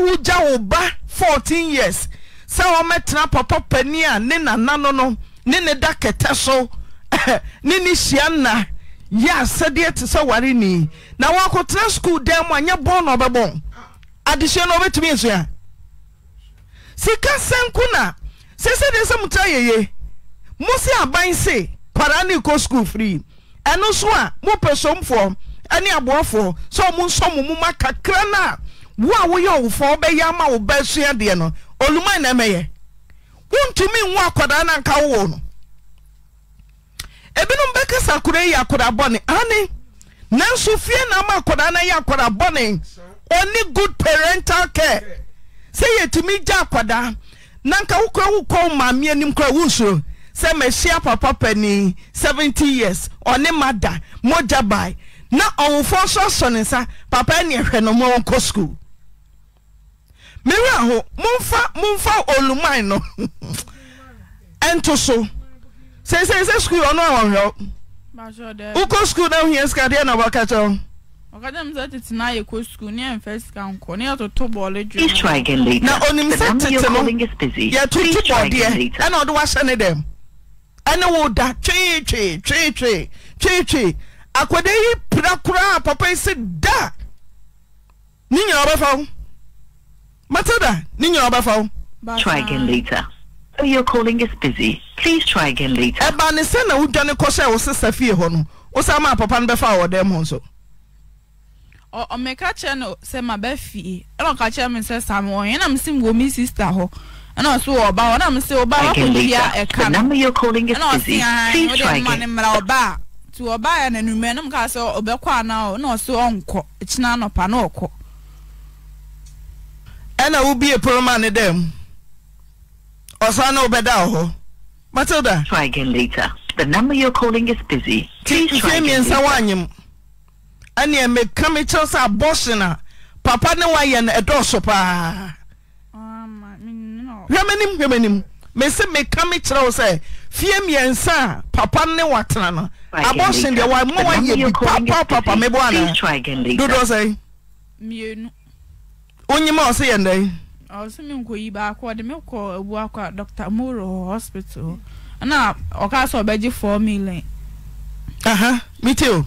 wo 14 years sɛ wɔmɛtena papa pani a ne nana no no ne ne da so ne te ware ni na wɔakɔtena skuul dan mu na ɔbɛbɔn adesua no ɔbɛtumi nso na sɛ sɛdeɛ sɛ mutra yɛye mo se aban se ɛno so a mopɛ somfoɔ ne aboafoɔ sɛ ɔmo nsɔ mo moma kakra no a wo a woyɛ ɔwofoɔ wobɛyɛ ama wo ba suadeɛ no ɔluma na ɛmɛyɛ wontumi nwo akɔdaa no anka wowɔ no ebinom bɛkasa yi yɛ akɔda bɔne ane nanso fie na ama akɔdaa no yɛ akɔda bɔne ɔne good parental care sɛ yɛtumi gya akɔdaa na nka wokora wokɔ maameanim kora wonsuro sɛ mehyia papa panin seventy years ɔne mada mogya bae na ɔwofoɔ nso asɔ ne nsa papa ne ɛhwɛ no ma ɔnkɔ skuul mewura ho momfa momfa olumai no ɛnto so seisei sɛ skuul ɔno a ɔhwɛ wokɔ skuul na wohia sika deɛ na wɔka kyɛ wo na onim sɛ tete no yɛtoto bɔdeɛ ɛna ɔde wahyɛ ne dɛm ɛne wo da twetwe twetwe twetwe akwada yi pira koraa papa yi se da ne nyina ɔbɛfa wo matilda ne nyina ɔbɛfa wo Try again later. Oh, your calling is busy. Please try again later. Ɛba ne sɛ na wodwane kɔhyɛ wo sesa fie hɔ no wo sa ma papa no bɛfa wɔ dɛm hɔ nso ɔmeka kyerɛ no sɛ mabɛfie ɛna ɔka kyerɛ me sɛ me sister hɔ ɛna ɔso ọba ɔba hɔ na mo sɛ ɔba ya akɔ bia ɛka no ɛna ɔsi ahan ɔde mma ne mmara ɔba a ti ya yɛ n'anumɛ na mo kaa sɛ ɔbɛkɔ anaa o na ɔso ɔnkɔ ɛkyina anɔpa na ɔkɔ. ɛna wobie poroma ne dɛm ɔsan na wobɛda wɔ hɔ matilda. try again later the mmiɛnsa wanyem ɛna ɛmɛ kamekyɛw sɛ abɔsen a papa ne wayɛ no ɛdɔɔso paa. hwɛmanim hwɛmanim mese meka me kyerɛ wo sɛ fie mmiɛnsa a papa ne watena no abɔhye deɛ wa ma wayɛ bi papapapa mebɔ anaa dodoɔ sɛe mmienu onyima ɔse yɛn dɛn ɔse me nkɔyi baako ɔde me kɔ abu akɔ a dr moro hospital na ɔka sɛ ɔbɛgye four million aha mete o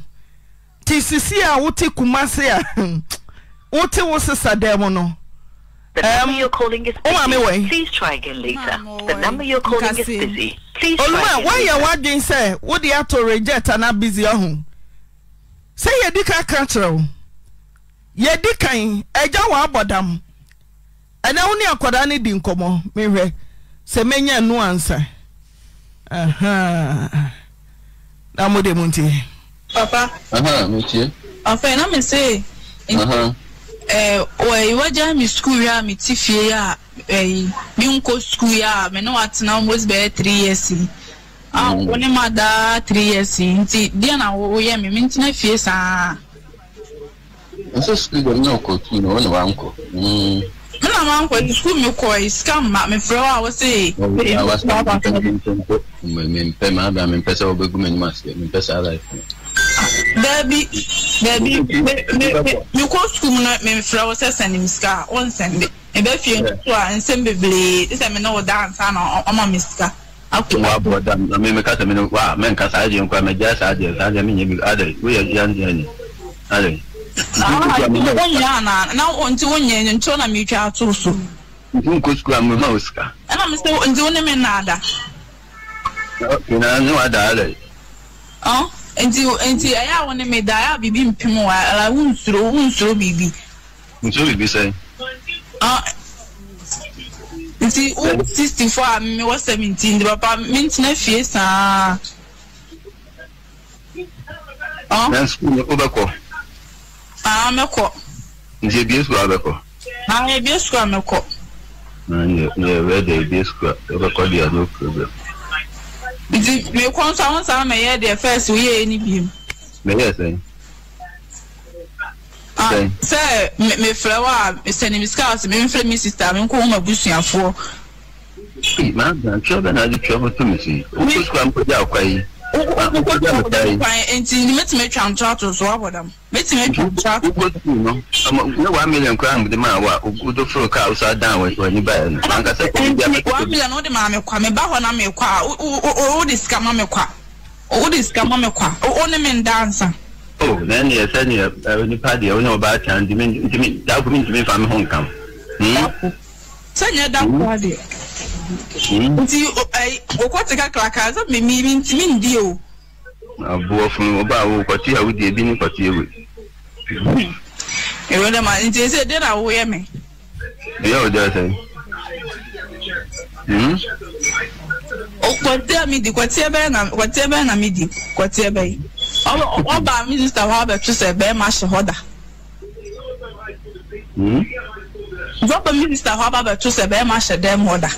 sisi a wote kuma se a hmm, wote wo sesa da m nowoma me woma a woayɛ w'adwen sɛ wode atɔeregye ta no bisi aho sɛ yɛdi ka ka kyerɛ wo yɛdi kan agya w'abɔ dam ɛna wo nni akɔdaa no di nkɔmmɔ mehwɛ sɛ mɛnya nu ansa papa. afei na me se wɔgya me skuul a mete fie a menkɔ skuul a me ne watena almost bɛyɛ three years yi a wo ne ma daa three years yi nti deɛ na woyɛ me mentena fie saa ɛsɛ skuul dɛm na ɔkɔ tu na wɔne wankɔ me na mankɔ nti skuul mekɔ sika mma mefrɛ wo a wo se mempɛ maada mempɛ sɛ wobɛgu m'anim aseɛ mempɛ saa life daabi daabi mekɔ sukuu mu no memfrɛ wo sɛ sɛne m sika a wonsɛnde mebɛ fie nso a nsɛm bebree te sɛ mene wo da na ɔma me sika meka sɛ menka saa adeɛ nkɔ magya saa adeɛ saa adeɛ menyɛ bi ade woyɛ yandeɛ ani ade wonyɛ anaa na nti wonyɛ nkyɛw na metwa atoo so nti nkɔ sukuu a mema nti nti ɛyɛ awo ne mi da ɛyɛ bibi mpem wa ala wunsuro wunsuro bibi. nsuro bibi sɛ. nti wo sixty four a mi wɔ seventeen nti papa mi n tena fie saa. na sukuu o bɛ kɔ. aa mɛ kɔ. nti ebie sukuu a bɛ kɔ. aa ebie sukuu a mɛ kɔ. na n yɛ n yɛ wɛ de ebie sukuu a bɛ kɔ di a no problem nti mekɔ nso ahon saa mɛyɛ deɛ fɛs woyɛ ni biem mɛyɛ sɛn sɛ ah, mefrɛ wo a sɛne me sika ase memfrɛ me sista menkɔ homa busuafoɔ maa bra ntwerɛ bɛ na ade twerɛ ho to me si wokɔ sukua mpɔgya akwa yi nti ni mɛtumi atwa ntɔ ato so wabɔ dam mɛtumi atwa ntɔ ato. wogbo tu no ne wa million kura mu de ma wa wodo foro kaa wosan dan w'ani ba yɛ no ankasa kɔ bi a. wa million o de maa mi kwa mi ba hɔ na mi kwa o o de sika ma mi kwa o de sika ma mi kwa o ne mi nda nsa. o na ɛni yɛ sɛ ni yɛ nipa deɛ o ni ɔba ata ntumi ntumi daako mi ntumi fa mi ho nkam. sɛ n yɛ daako adeɛ. Hmm? nti okwati kakra kaza mmemme bi ntumi ndi o. abuo fun ọba awo kwati awo di ebi ni kwati ewe. ewe dama nti esi ede na awo yẹ mi. ìyá hmm? ọjọ ẹsẹ. kwati mi di kwati ebe na na mi di kwati ebe ọba mi sista hɔ abɛtwe sɛ bɛrima ahyɛ hɔ da. ọba hmm? mi sista hɔ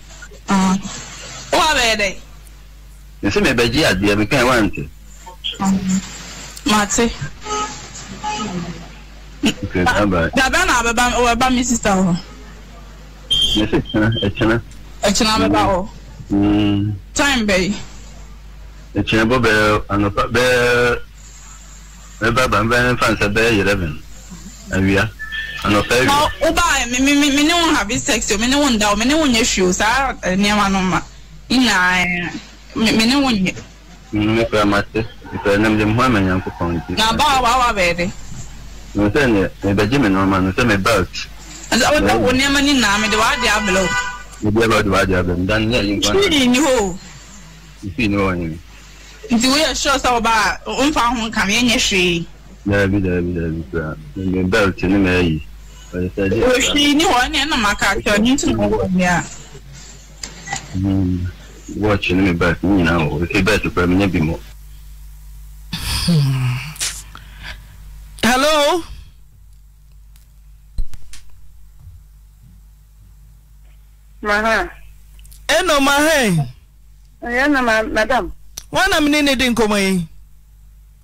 wọ́n abẹ́yẹ dẹ́. nse mi bɛ gye adeɛ mi kan wa nti. mate. dabe na abeba wɛba mi sista hɔ. nse kyena ɛkyena. ɛkyena abeba hɔ. time bɛyi. ɛkyena bɔ bɛɛ anɔpa bɛɛ bɛɛ ba bɛɛ nfa nsɛ bɛɛ yɛrɛ bɛn awia anɔpɛ na woba me me me ne wo have sex o me ne wo nda o me ne wo nyɛ hwee o saa nneɛma no ma nyinaa me ne wo nyɛ. me kura ma se nfɛ nam de mu ama nyankopɔn nti. na ba wa wa wa bɛɛ de. no sɛ ne mebɛgye me nɔɔma no sɛ me belt. wosɛ wo de ne nyinaa mede waade abrɛ wo. mede ɛbɛ de waade abrɛ mo dan ne ayi nkwa. fii ni hɔ. fii ni hɔ nyɛ. nti woyɛ sure sɛ woba a womfa ho nka meɛnyɛ hwee. daabi daabi daabi kura me belt ne ma ayi ohwii ni hɔ ne ɛnam akaakye ɔne nti na ɔwɔ ne a wɔkye ne me bɛs ne nyinaa wɔ ɛsɛ bɛs kora menyɛ bi mmɔ hello maha ɛnɔ maha ɛnɔ ma madam wɔnam ne ne di nkɔmɔ yi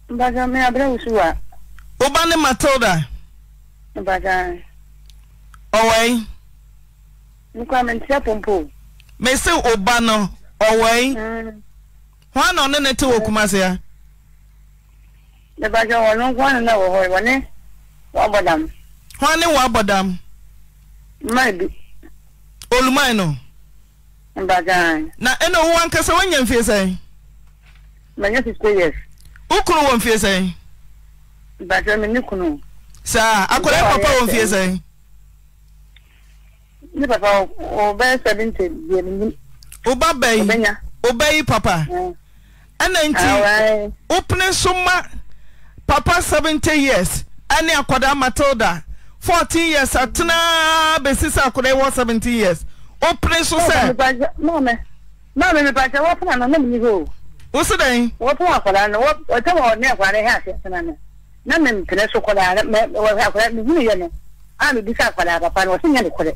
mbaga me abrɛ wo so a woba matilda mbaga ọwọ yi. mesi ụba nọ ọwọ yi. hwa na ọne na ete wọ kumasi ya. Dibajọ wọn nkwụ ọnụ na wọ hụ ne wabọdam. Mmadu. Olumayi no. Na ɛna owu ankasa wanya mfie sɛn. Manya years. Ukuru wɔ mfie sɛn. Mbadan mi ne kunu. Saa akwadaa papa wɔ mfie sɛn. ne papa ɔbɛyɛ seventy deɛ ne nim. ɔba bɛyi ɔba yi papa ɛna nti ɔpene so ma papa seventy years ɛne akwadaa matilda fourteen years atenaa bɛsi sɛ akwadaa yi wɔ seventy years ɔpene so sɛ. maame maame mi pàṣẹ wọ́n fún àná náà mi yíyó. wọ́n sì dẹ́yìn. wọ́n fún akwadaa náà wọ́n tẹ́ wọ́n ní akwadaa yẹn àti ẹ̀sìn náà náà mi mpene so kọ́da mẹ wọ́n akwadaa mi yíyó yẹn no a mi bí sẹ́ akwadaa papa náà wọ́n sì yẹn ní kọ́dẹ̀.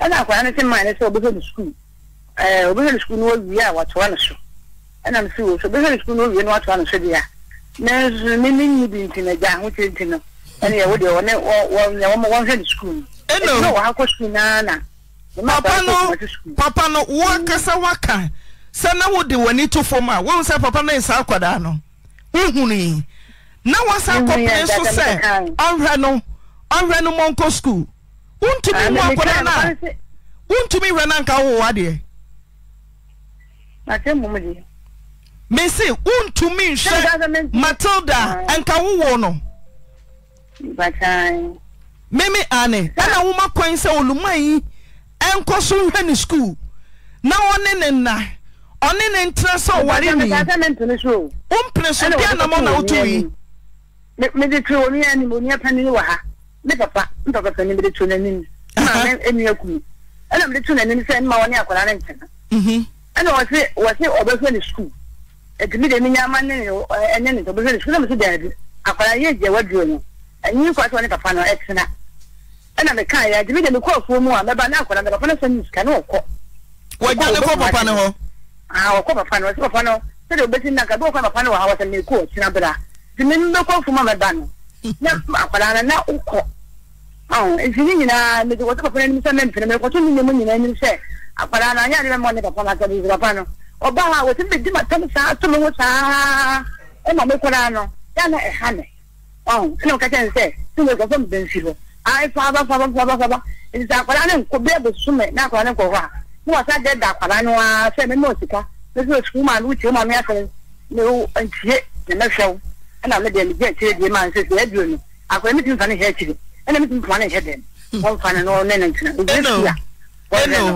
ɛna akwara no te maa ne sɛ ɔbɛhwɛ no sukuu ɛɛ ɔbɛhwɛ no sukuu no wawie a watoa no so ɛna mesi wɔ so ɔbɛhwɛ no sukuu no wawie no watoa no so deɛ nanso ne ne nyi bi nti na gya ho tiri nti no ɛna yɛwɔ deɛ wɔne wɔnyɛ wɔn wɔnhwɛ no sukuu no ɛna ɛna wɔ ha sukuu naa na papa no papa no wakasa waka sɛ na wode w'ani to fam a wɔn sɛ papa no yɛ saa akwadaa no nhunu yi na wasa akɔpere so sɛ ɔnhwɛ no ɔnhwɛ no mɔnkɔ sukuu wontumi wu akwadaa no a wontumi wura na nka wowo adeɛ mese wontumi nhwɛ matilda nka wowo no meme ane ɛna woma kwan sɛ oluma yi ɛnkɔ so nhwɛ ne skuul na ɔne ne nna ɔne ne ntena sɛ ɔware ne wompene so bia namɔ na woto yi ne papa ntɔkɔtɔ mhm. ni mede to n'anim maame enua kum ɛna mede to n'anim sɛ mma wɔne akwadaa ne nkyɛn ɛna wɔsi wɔsi ɔbɛfɛ ne sukuu etumi de mi nyama ne ne ɛne ne ɔbɛfɛ ne sukuu na mo si dɛrɛ bi akwadaa yɛ gya waduro no ɛnyi nkwa sɛ ɔne papa no ɛtena ɛna mi kaa yɛ etumi de mi kɔ afuo mu a mɛba ne akwadaa ne papa no sɛ ne sika ne ɔkɔ wɔgya ne kɔ papa ne hɔ aa ɔkɔ papa ne kɔ ɔtena mfini nyinaa mede wɔte papa no anim sɛ memfene merekɔto ne nyamu nyinaa anim sɛ akwadaa no anyɛ ade bɛma ne papa no aka bisi papa no ɔba ha wɔtumi bɛdi matam saa to me ho saa ɛma me koraa no yɛ na ɛha me ɛna ɔka kyɛ ne sɛ sɛkɔfɔ mbɛmfi hɔ faabafabafabafaba m sɛ akwadaa no nkɔ bɛɛ na akwadaa no nkɔ hɔ a ne wɔsa da akwadaa no aa sɛ mema ma no wotie ma me asɛre ne ntie ne mɛhwɛ ɛna me deɛ megye akyire die ma ɛna mesi ntoma ne nhyɛ dɛm hmm. wɔmfa no na ɔne ne ntena ɔbɛ fia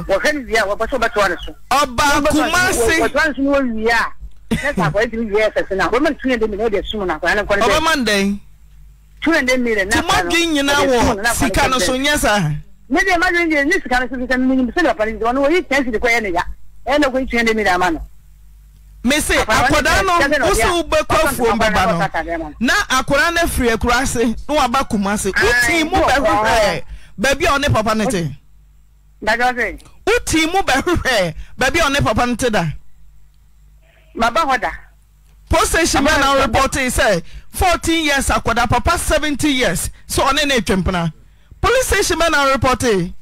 wɔhwɛ no wie a wɔbɛ sɛ wɔbɛtoa ne so ɔba kumase wɔtoa ne so ne wɔwie a ne sa akɔyɛ tumi wie ɛsɛ se no a wɔma no two hundred million de sum no akɔyɛ ne nkɔ ne ɔbɛma no dɛn two hundred million na kuma dwi nyinaa wɔ sika no so nyɛ saa ne deɛ ma dwi ne sika no so sika no menim sɛ ne ɔpa no wɔno wɔyi kyɛnsi de kɔyɛ ne ya ɛna kɔyi two mese akwadaa no wosi wobɛkɔ afuom bɛba no na akwadaa no afiri akura ase na waba kuma ase wotii mu bɛhwehwɛ baabi a ɔne papa no te wotii mu bɛhwehwɛ baabi a ɔne papa no te da post station bɛ na ɔrepɔte sɛ fourteen years akwadaa papa seventy years so ɔne ne etwa mpena police station bɛ na ɔrepɔte.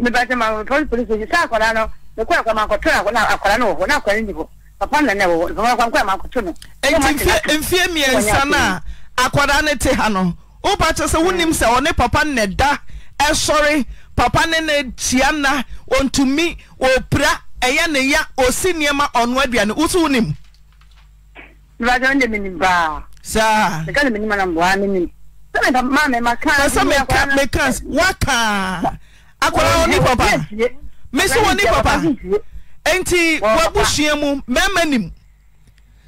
mibate ma police station sɛ akwadaa no mekora kwa mankoto na na akwara no ho na akwara ni ho papa na na wo mekora kwa kwa mankoto no enti mfie mmiɛnsa na akwara ne te ha no woba kyɛ sɛ wonim sɛ ɔne papa ne da ɛsɔre papa ne ne kyia na ɔntumi ɔpira ɛyɛ ne ya ɔsi nneɛma ɔno aduane woso wonim mbakyɛ ne menim paa saa meka ne menim anamboa menim sɛ meka meka wakaa akwara ɔne papa mesi wɔn ni papa nti wabusua mu mɛɛma nim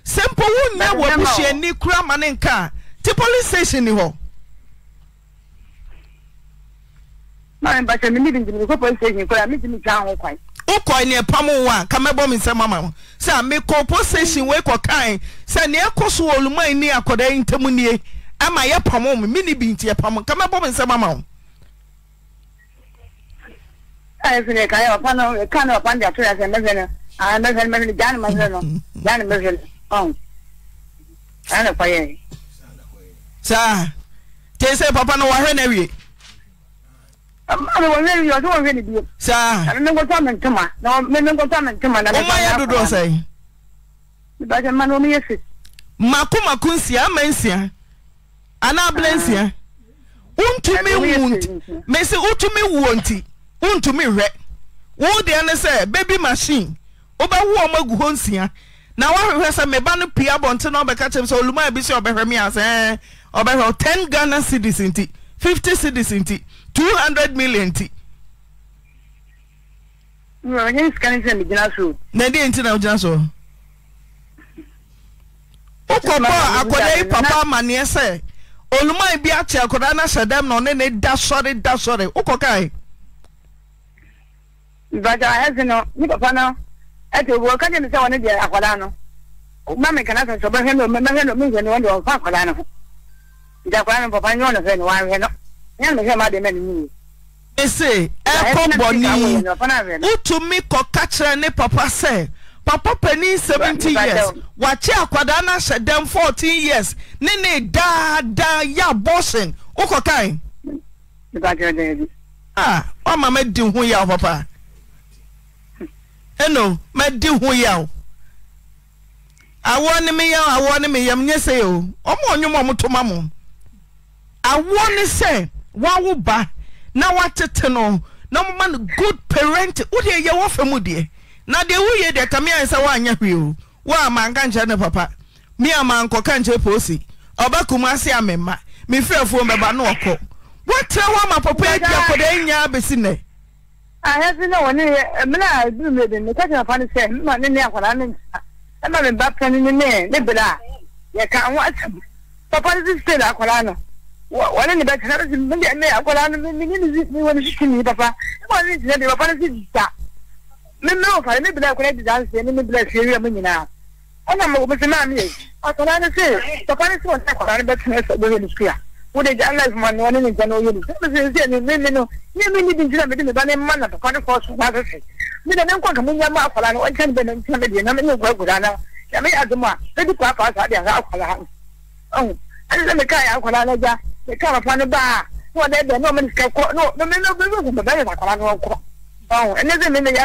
sɛ mpo wo nna wabusua ni kura ma ne nka te police station ni hɔ. maa n bàtà mi mi dìndín kó police station kura mi dìndín gán ho kwan. wokɔ ne ɛpam wo a ka mɛbɔ me nsɛm ama mo sɛ mekɔ po station wei kɔkae sɛ neɛ kɔ so wɔ olumaa ni akɔda yi ntamu nie ama yɛpam me mene bi nti yɛpam ka mɛbɔ me ama wo ɛfiri ka yɛ ɔpa no ka no ɔpa no de ato yɛ mɛfɛ no aa mɛfɛ no mɛfɛ no gyaa no mɛfɛ no gyaa no mɛfɛ no ɔn saa na kɔ yɛ. saa te sɛ papa no wɔhwɛ na wie. maa mi wɔhwɛ wie ɔsɛ wɔhwɛ ne bio. saa ɛmi mi nkɔtɔ mi ntoma na mi mi nkɔtɔ mi ntoma na mi. ɔmɔ yɛ dodoɔ sɛn. ìbájɛ mma na ɔmi yɛ fi. mako mako nsia ama nsia anaa abila nsia. ntumi wu nti mesi ntumi wu nti. wontumi hwrɛ wodeɛ ne sɛ bɛbi machin wobɛhoɔ ma agu hɔ nsia na woahwehwɛ sɛ meba no pii abnten bɛa km sɛoma bisɛ ɔb sɛ0 eh, ghana ciisn ni50 cisn ni0 milin n wokɔɔa akɔda yi papa manneɛ sɛ onuma bi akye akɔdaa no hyɛ dɛm na ɔne ne da sɔre re ìbàjẹ́ ẹ̀sìn nọ ní papa náà ẹ̀ tó wọ kájẹ́ mi sẹ́ wọn níbi àkọ́dá nọ má mi kàn sọ̀sọ̀ bẹ́ẹ̀ hẹ́n bẹ́ẹ̀ hẹ́n lómi ìwé wọ́n lọ fún àkọ́dá nọ ìjà àkọ́dá nọ papa yóò nọ fẹ́ ni wọ́n á rẹ nọ ní àná fẹ́ má dé mẹ́rin nìyí. èsè ẹ kọ bọ ní wútùmí kọ kákyerẹ ní papa sẹ papa panyin seventy years wàkye akwadaa náà hyɛ dɛm fourteen years ne ne daadaa yɛ abortion wokɔ kan. ah wọn mama di ho yà ọ papa. ɛno hu ho o. awoɔ ne meyaw awoɔ ne meyam nyɛ sɛ o ɔma ɔnwom ɔmotoma mo awoɔ ne sɛ woawo ba na watete no na moma no good parent wodeɛ yɛ wɔfa mu deɛ na deɛ woye deɛ ka meayɛ sɛ woanyɛ hwee o maa manka nkyerɛ ne papa me a mankɔka nkyerɛ poosi ɔbɛkum ase a memma mefirɛfuo mbɛba ne ɔkɔ woatra ho ma papa adi e akɔda e nyaa bɛsi nnɛ ahezi na wani mina bi mi bi mi kati na ni sɛ mma ne ne akwara ne nsa ɛma mi ba pɛni ne ne ne bela yɛ ka ho asɛm papa ne sisi na akwara no wɔne ne bɛ tena ne mi ne akwara no mi ne ne mi wɔ sisi ni papa ɛma ne tena deɛ papa ne si dida mi mi o fari mi bela akwara dida nsia ne mi bela fie wia mu nyinaa ɔna mo mo se maa mi yɛ akwara ne se papa ne se wɔn akwara ne bɛ tena sɛ ɔbɛ yɛ ne sukuu wọ́n de alive man wọ́n ní ní oyè ni sẹ́mi sẹ́mi sẹ́mi mi mi no ní mi níbi ntina mi di mi ba ní mma na papa ní fọ́ọ̀sù wá fẹ́fẹ́ mi dẹ̀ ní nkọ́ kàmú nyàmú akwara ni wọ́n kyẹ́ níbẹ̀ ní ntina mi di yẹn náà mi ní nkọ́ agbèrè àná yàmi yà dùn mu a bẹ́ẹ̀ni kọ́ akwara sáà di àná akwara ha ọ̀hún ẹni sẹ́ mi ká yà akwara náà gya mi ká papa ní báa ní wọ́n dẹ́gbẹ̀ẹ́ ní wọ́n mi ní sikẹ́ kọ́ ní wọ́n mi ní wọ́n mi ní wọ́n mi ní akwara náà kọ́ ọ̀hún ẹni sẹ́ mi ní yà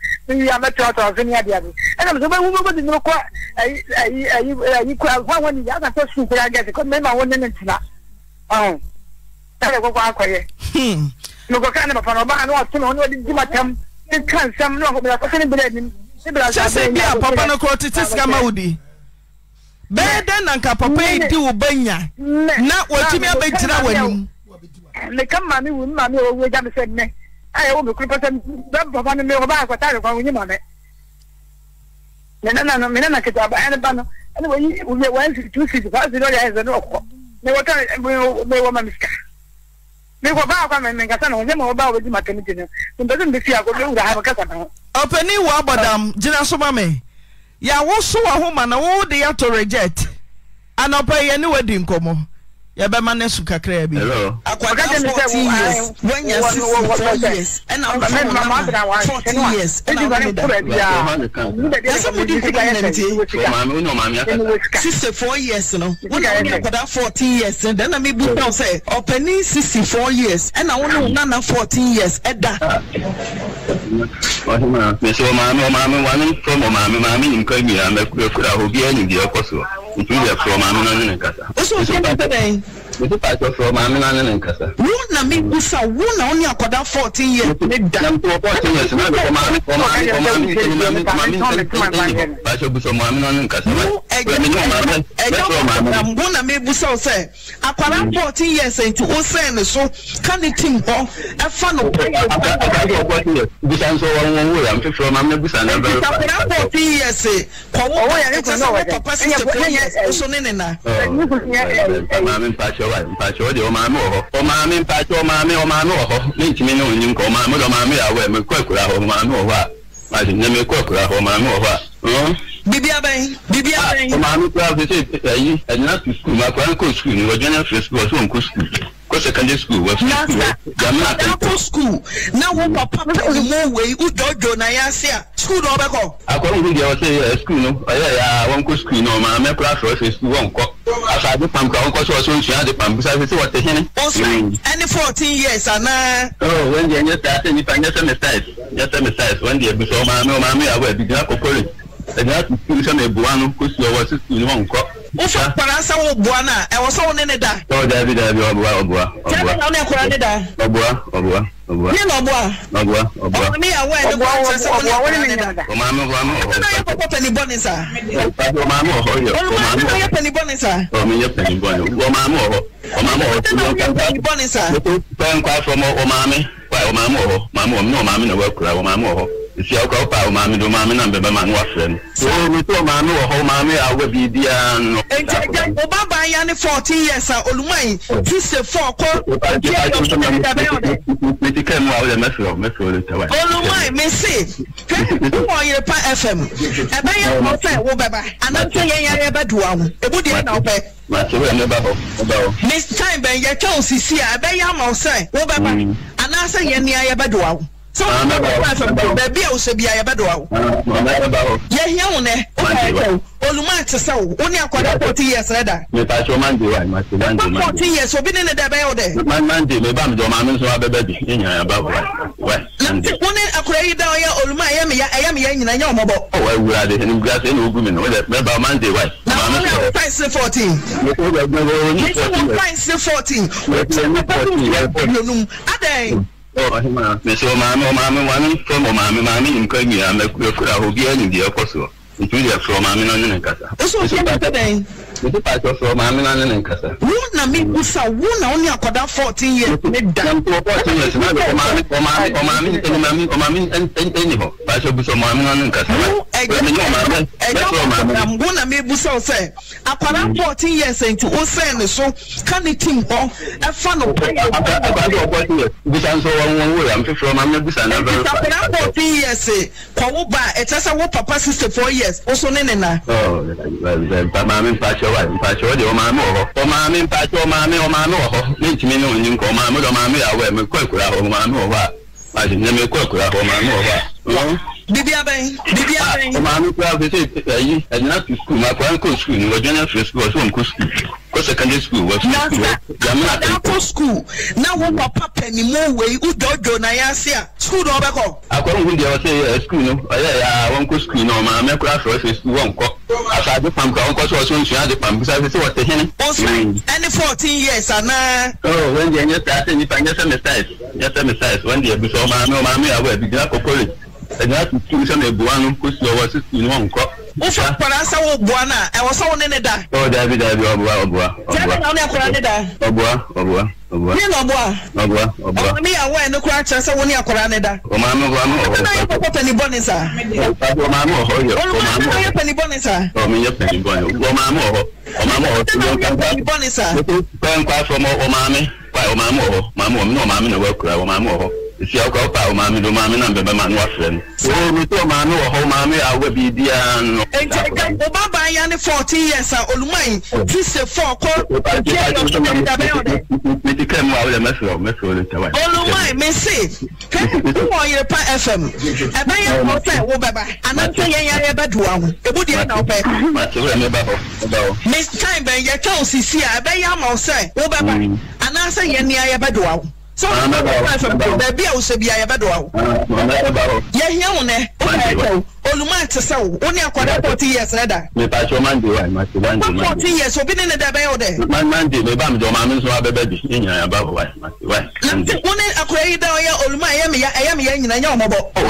mi yà mẹtọ ọtọ ọfin ní adìyàdì ẹnna mùsùlùmí wọn bọ bọdì nínú kọ ẹyí ẹyí ẹyí ẹyí kọ àwọn àwọn ènìyàn àgbàfẹ sùn kúrẹ agẹsì kọ mẹma wọn nínú tìǹà ọhún ẹyẹ kọkọ akọyẹ. nùkọ káà ní bàbá náà ọba àná ọtún náà ọdún dì má tẹm ní ká nsẹm ní ọkọ bìlà kọsẹ ní bìlà ẹni. sẹsẹ bí a papa náà kọ títí sika máa wù di bẹẹ dẹ nà nka papa yìí di wò bẹyà na wò tìmí abẹ gyina wọ ẹni. nìkan maami wù mí maami wò wọ ẹja mi sẹ nnẹ. ayɛ wo mekuru pɛsɛ bɛmpɔpɔ no me wɔba akɔtare kwan wonyima me menana no menana ketaabaɛ ba no ɛne wayi wɔansi two sisi ne ɔkɔ mewɔ ma me sika ma a wɔbɛdi no sɛ akɔ ha mekasa ho wɔ abɔdam gyina so ma me so wɔ ho ma na wo de reject yɛbɛma no asu kakraa bi wanya sixty years ɛna forty years ɛna wodedasɛ mode nkɔmnante sixty four years no wone wone akwadaa fourteen years no dɛna mebu tɛw sɛ ɔpani sixty four years ɛna wone wo nana fourteen years ɛda mesɛ ɔmaame ɔmaame wanem fam ɔmaame maame nyimka nyinaa mɛkura hɔ obiaa nimdeɛ ɛkɔ soɔ ntumi deɛ frɛ ɔmaame no ne ne nkasa Mete pati ọfọ maame naanị na nkasa. Wụ na mi busa wụ na ọ ní akwadaa fourteen years ne da. Na mpọ fourteen years na bẹ maame kọ maame kọ maame nsẹni maame kọ maame nsẹni nsẹni pati ọbusa maame naanị nkasa. Wụ ẹja ẹja mi busa ọsẹ akwadaa fourteen years nti o sẹ ne so ka ne ti nkọ ẹfa no payọ. Akwadaa fourteen na Akwadaa fourteen years kọwọ ọwọ yẹn ne kasa ne papa sisi pẹlẹ yẹn nso ne mpatsɔ wa mpatsɔ de ɔmaami wɔ hɔ ɔmaami mpatsɔ ɔmaami ɔmaami wɔ hɔ ne ntumi ne onyi nkɔ ɔmaami de ɔmaami yà wɔ ɛmɛ kɔ ɛkura hɔ mi kɔ ɛkura hɔ ɔmaami wɔ hɔ a. bibi abɛn bibi abɛn. Ah, ɔmaami kura fese ɛyi ɛdina tu sukuu ma kura nkɔ sukuu ni ɔjɔ ne fɛ sukuu ɔsɔ nkɔ sukuu kɔ secondary school wɔ sukuu jamana tɛ nkɔ sukuu na wo papa pe mo wei ujɔjɔ na ya se a sukuu dɔ bɛ kɔ. akɔrɔ nkun jɛ asade pampa nkɔ sɛ ɔsɛ nsua ade pampa sase sɛ wɔte hene ɛne 14 years anaa wɛndeɛ nyɛ saa sɛ nnipa nyɛ sɛ me size nyɛ sɛ me size wɛndeɛ bi sɛ ɔmaame ɔmaame yɛ awɔ abi gyina kɔkɔre ɛgyina susuu sɛ meɛboa no kɔsua wɔ susuu ne wɔnkɔ wofa kwara sɛ woboa no a ɛwɔ sɛ wo ne ne da daabi daabi ɔboa ɔboa ɔboa ne akora ne da ɔboa ɔboa da ɔmaame hɔ ama ɔhɔ ɛna yɛ pɔpɔ panibɔne saa ɔmaame ɔhɔ yɛ ɔmaame ɔhɔ yɛ panibɔne saa ɔmenyɛ panibɔne ɔmaame ɔhɔ ɔmaame ɔhɔ tuli ɔka panibɔne saa pɛnkɔ afɔ ɔmaame ɔmaame ɔhɔ ɔmaame ɔhɔ ɔmaame na wakura ɔmaame si akɔ pa o maame do maame na bɛbɛ maame wa fɛ no. o mi to maame wɔ hɔ maame awɔ bi di yan nɔ. nti ɛjɛ o ba ya ni fourteen years a olumɔ yi ti se fɔ kɔ kí ɛ yọ sọmi ẹni dàbẹ yọ dẹ. mi ti kẹ́ mu awọ dẹ mẹsirọ mẹsirọ le tẹ wa. olumɔ yi mi se fẹmi wọ yẹrẹ pa fm ẹbẹ yẹ kọ fẹ wo bẹ ba anamtẹ yẹn yẹrẹ bẹ duwa mu ebu diẹ na ọbẹ. maa sọ wẹ́n ne ba hɔ ne ba hɔ. mi time bɛn yɛ kẹ́ òsì si a ẹbẹ yẹ ama ọsẹ bẹ ba mm. anaasẹ yẹn ni ayẹ bẹ duwa mu sọ wọn bẹ bi a yẹ bẹ dọ awo yẹ hiẹ wọn nẹ o fẹ ẹ tẹ olùmọ àti sẹ o ní akọdà fourteen years rẹ da. mi ta sọ mandi wa ma se mandi mandi. fourteen years obi ní ne dẹ bẹyẹ o dẹ. mandi mi bá mi jọ maa mi sọ abẹbẹ bi e yàn yàn bá wọ ní akọrọ yìí dá ọ olùmọ ẹyẹ mi yẹ ẹyẹ mi yẹ nyina yẹ ọmọ bọ. ọ wẹ de ẹni gíga sẹni ogun mi nù ọdẹ mẹ bá mandi wa. na wọn náà wọn fain fourteen. ní ti wọn fain fourteen mesɛ ɔmaame ɔmaame maame fɛm ɔmaame maame yi nkɔ nyinaa mɛkurakura obiara ne deɛ ɛkɔ soɔ nti wodeɛ frɛ ɔmaame no ne ne nkasa mede paatwɛ frɛ maa me nane ne nkasa wo na mebusa wo na wo ne akɔda 14 years ne damaameni hɔ paatwɛ busa maame nane nkasa wo na mebusa wo sɛ akɔda 14 years nti wo sɛn ne so ka ne tim hɔ ɛfa no busa nso wɔwɔwɔ yam foforɔ ma mebusa na akɔda 14 years kɔwo ba ɛkyɛ sɛ wo papa 64 years wo so ne ne na maame mpakyɛ wa mpatsɛ ɔdi ɔmaami wɔ hɔ ɔmaami mpatsɛ ɔmaami ɔmaami wɔ hɔ ne ntumi ne onyi nkɔ ɔmaami ɔmaami yà ɛmɛ kɔ ekura hɔ ɔmaami wɔ hɔ a mpatsɛ wɔ hɔ a bíbí abẹ́yìn bíbí abẹ́yìn. ọmọ àmì kúrò àfẹsẹ ẹyí ẹ̀yìn láti skul máa kọ́ ẹ̀kọ́ skul ni wọ́n jẹ́nà fẹ́ skul ọ̀ṣun kó skul kó secondary school wọ́n skul wọ́n jàmínà kẹ́kọ̀ọ́. ọ̀dà kó skul náà wọ́n wọ pápẹ́ ni mo wẹ̀ yìí udodo náà yá sí à skul náà ọbẹ̀ kọ. akọ́rùn-ún di ọtí ẹ skul wọn kọ àfàdé pàmùkà wọn kọ sí ọsùn sí wọ́n tẹ̀ hẹ́ni. sàn ẹni fourteen years àná. ọ wọ́n di ẹ̀yẹ́ tà á sẹ́ni pa ẹ̀yẹ́ sẹ́mi size ẹ̀yẹ́ sẹ́mi size wọ́n di ẹ̀bùsọ̀ ọmọ àmì ọmọ àmì àwọ̀ ẹ̀bí gíga kọ́kọ́rẹ́ ɛnyɛ atutum sɛ na ebua no kosi ɔwɔ sisi ni wɔn nkɔ. wofa nkwadaa o wo bua no a ɛwɔ sɛ wo ne ne da. ɔ daabi daabi ɔbua ɔbua. jaabi na wo ne akwadaa ne da. ɔbua ɔbua ɔbua. ne na ɔbua. ɔbua ɔbua. ɔmɔ mi yà wɔ ɛni kura kyerɛ sɛ wo ne akwadaa ne da. ɔmaami wɔ ano ɔhɔ. ɔmaami wɔ pɛni bɔ ne sa. ɔmaami wɔ hɔ yɛ ɔmaami wɔ pɛni bɔ ne sa. ɔmi yɛ pɛni bɔ ne ɔmaami wɔ hɔ ɔmaami wɔ hɔ pɛni bɔ ne sa. pɛnkwa fɔmɔ ɔmaami pa ɔmaami wɔ hɔ ɔmaami wɔ hɔ ɔmaami na wɔ akura ɔmaami si akwa wopa ɔmaame do ɔmaame na mbɛbɛma no wafrɛ no oo me sɛ ɔmaame wɔ hɔ ɔmaame awa biribiaa no nti wobabaa ya ne fourteen years a oluman ti se fɔ kɔ ɔtia yɔsɔmɛ dabɛ ɔdɛ. meti kɛ mu awolɛ mɛsirɛ mɛsirɛ olu tɛ wa. oluman mi se kɛ wɔ yerepa fm ɛbɛyɛ wɔ fɛ wo bɛba anantɛ yɛn yɛrɛ bɛ duwa ho ebu deɛ na ɔbɛ. mati wura mi ba hɔ mi ba hɔ. mi time bɛn yɛ kyɛw sisi a ɛbɛyɛ ama ɔsɛ wo bɛba anaasɛ yɛn ni ayɛ bɛ duwa ho so baabi a wosɛ bia yɛbɛdoa wo yɛhia wo nɛ wokaɛkyɛw oluma te sɛ wo wo ne akɔda forty years ne da forty years obi ne ne da bɛyɛ wo dɛ wo ne akora yi da ɔyɛ oluma ɛyɛ meya ɛyɛ meya nyina nyɛ ɔmɔbɔ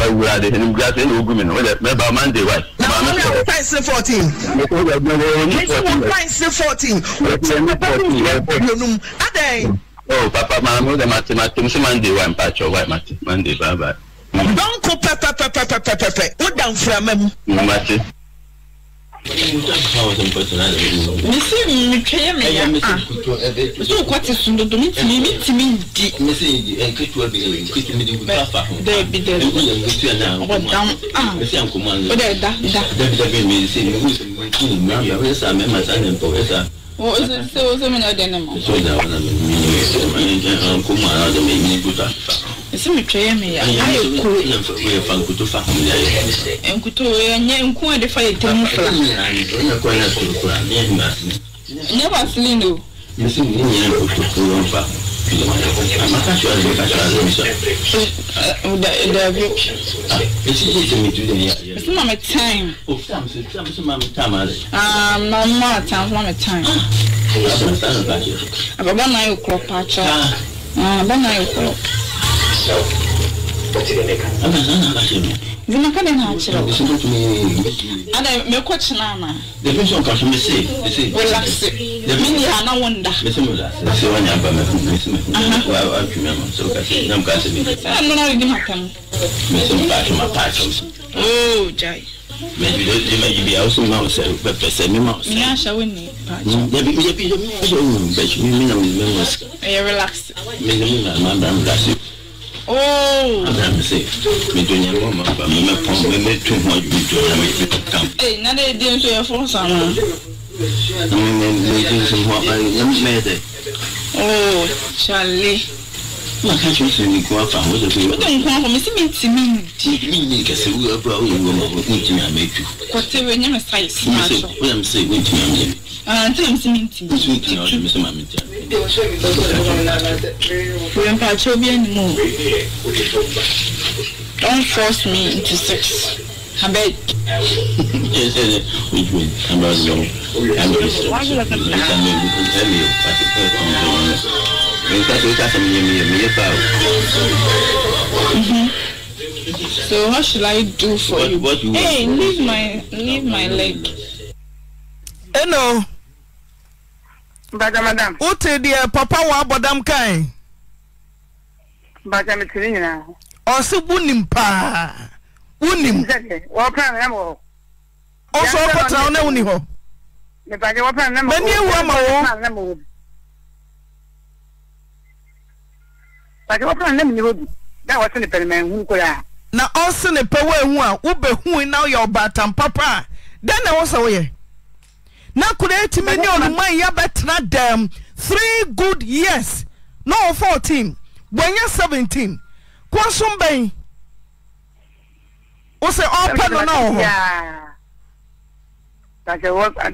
na wɔn ne awo fain sini fourteen wɔn ti wɔn fain sini fourteen wɔn ti wɔn fain sini fourteen adɛn. Oh, papa, ma mwen de mati mati, mwen se mande wè mpacho wè mati, mande ba ba. Don ko pe pe pe pe pe pe pe pe, ou dan frame mwen? Mwen mati. mese metwɛyɛ meyɛ so wokɔ te sondodo metumi metumi ndidaabi da da simitwɛyɛ meya ayɛ kuro nkuto ɛnyɛ nko o amaka sọ ẹgbẹ kata ló sọ. dabi. esi yi ti mi tu de ya. esi maa mi time. o time so time so maa mi time ale. aa maa mi maa time so maa mi time. ababa ta na pàṣẹ. ababa na yóò kúrọ pàṣẹ. ababa na yóò kúrọ. ọba náà na pàṣẹ mi. Vina ka de na akyerɛ wo. Nsinto tumi yɛ. Ada mekɔ kyena ana. The person ka so me se, me se. Relax. The me ni ana wonda. Me se mo da. Me se wanya ba me me se me. Wa wa tumi ama so ka se. Nam ka se me. Sa no na di matam. Me se mo pa so ma pa so. Oh, jai. Me bi do di me bi a so ma o se pe pe se me ma o se. Ni asha wo ni pa. Ya bi ya bi ya mi so o be shi mi mi na mi me mo. Eh relax. Me ni na ma ba mi da se ana mi se mi do nyɛ lɔma ba mi mɛ pɔn mi mɛ tu hɔn mi do na mi mi tam. ee na de den to yɛ fɔ sama. na mi mɛ mɛ den so hɔn ayi yɛ mi mɛ dɛ. ooo sale. ma ka tún sè ní kó afa mo sọ fún mi. o tó nǹkan fún mi sí mi tì mí di. mi yìí kẹsì wúlò abúlé àwọn olùwọ̀n mọ̀ n tì mí àmì tu. kò tẹ́wé ní mi sáyé sí máa sọ. o yà mi sè o tì mí àmì yẹn. Ah, Don't force me into sex. I beg. So what should I do for what, you? What you hey, leave my leave my leg. Hello. wote deɛ uh, papa wɔ abɔdam kae ɔse wonim paa wonim ɔsɛ ɔkɔtena wo na woni hɔ mani awu ama wɔ na ọ ne pɛ woahu a wobɛhui na woyɛ ɔbaatam papa a dɛn na wo sɛ na koraa tumi ne onuma yɛbɛtena dɛm three good years na ɔwɔ 1f anyɛ s koso bɛn wo sɛ ɔpɛ no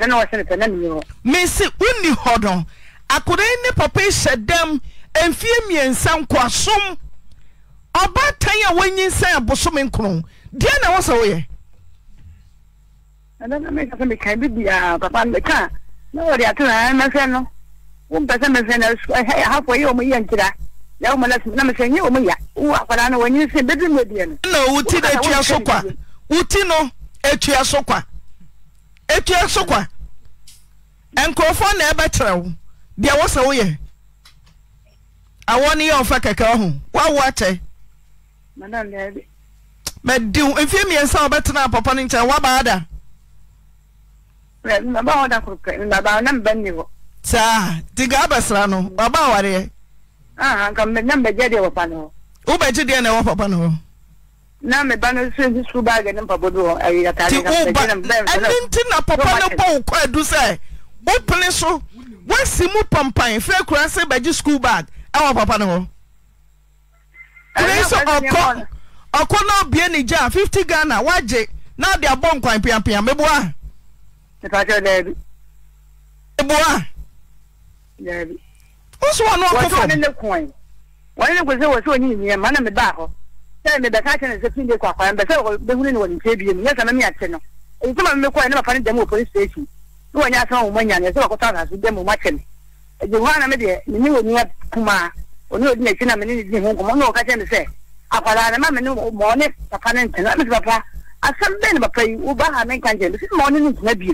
no w h mensi wo nni hɔ no akodayi nne pɔpɔ hyɛ dɛm mfie mmiɛnsa nkoasom ɔbatane a woanyinsan abosome nkdeɛ na wosɛ woɛ bi papa na wɔde atena mɛhwɛ no wompɛ sɛ mɛhwɛ no ahafo yɛ ɔmo yɛ nkyira na woma na mesɛ nyɛ ya wo akwadaa no wɔnyini sɛ na woti ya atua so kwa ya no ya so kwa atua so kwa nkurɔfoɔ na ya wo deɛ wo ya woyɛ awɔ no yɛ ɔfa kɛkɛ ho woawo akyɛ mɛdi wo mfeɛ mmiɛnsa wɔbɛtena papa no nkyɛn woabaa da baba a ɔda koro tiga abasra no baba awareɛ. ah nka mbɛ na mbɛgye deɛ wɔ pa ne hɔ. wobɛgye deɛ na ɛwɔ papa no so nsi sukuu baage ne mpaboa bi wɔ ayi atare na mbɛgye na mbɛn. ɛni nti na papa ne bɔ okɔ edu sɛ wopene so wasi mu pampan fɛ kura se bɛgye sukuu baag ɛwɔ papa ne hɔ. kure so ɔkɔ ɔkɔ na obie ne gya fifty ghana wagye na ɔde abɔ nkwan piapia mbɛboa. Nipasẹ dẹbi. Ebuwa. Dẹbi. O sọ wọn ọkọ fún. Wọ́n ní ne kùn ẹ̀. Wọ́n ní ne kùn sẹ́ wọ́n sọ wọ́n ní ìyẹn mọ́ náà mi bá họ. Sẹ́yìn mi bẹ̀ ká kyẹn fíndé kọ àkọ́yà mbẹ́sẹ̀ wọ́n bẹ húnni wọ́n ní tiẹ̀ bìyẹn mu yẹ́sẹ̀ mẹ́mí àti nọ. Èyí sọ́mà mi kọ́ ẹ̀ ní bàfà ní dẹ̀mú wọ police station. Ní wọ́n nyẹ́ asọ́n wọn nyà ní ẹ̀sẹ̀ wọ́n kọ́tọ́ àtàkùn dẹ̀mú wọn akyẹ̀ Èdè wọn àná mi deɛ mi ní òní kuma òní òdi n'akyi na di ho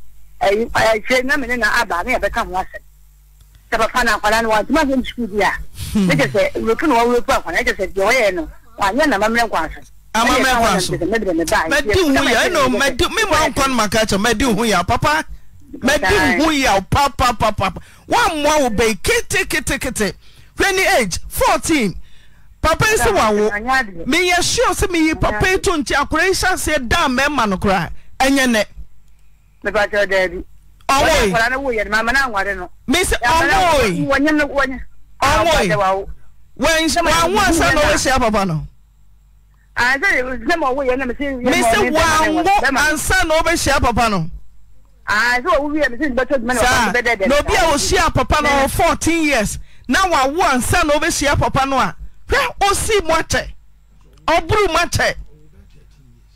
ɛyɛ ho asɛm papa papa woammoa wo bɛi keteketekete hwɛ ne age fourteen papa sɛ wawo meyɛ sure sɛ meyi papa yi to nkyi akwara yi hyɛ da mɛma no koraa mepa kyerɛ daabi ɔwoi ɔwoi ne woyɛ no mama na anware no mesi ɔwoi wɔnyɛ no wɔnyɛ na wɔhyia papa no mesi wɔanwo ansa na wɔbɛhyia papa no saa na obi a wɔhyia papa no wɔ fourteen years na wɔawo ansa na wɔbɛhyia papa no a hwɛ osi mu akyɛ ɔburu mu akyɛ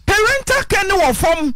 parental care ne wɔ fam.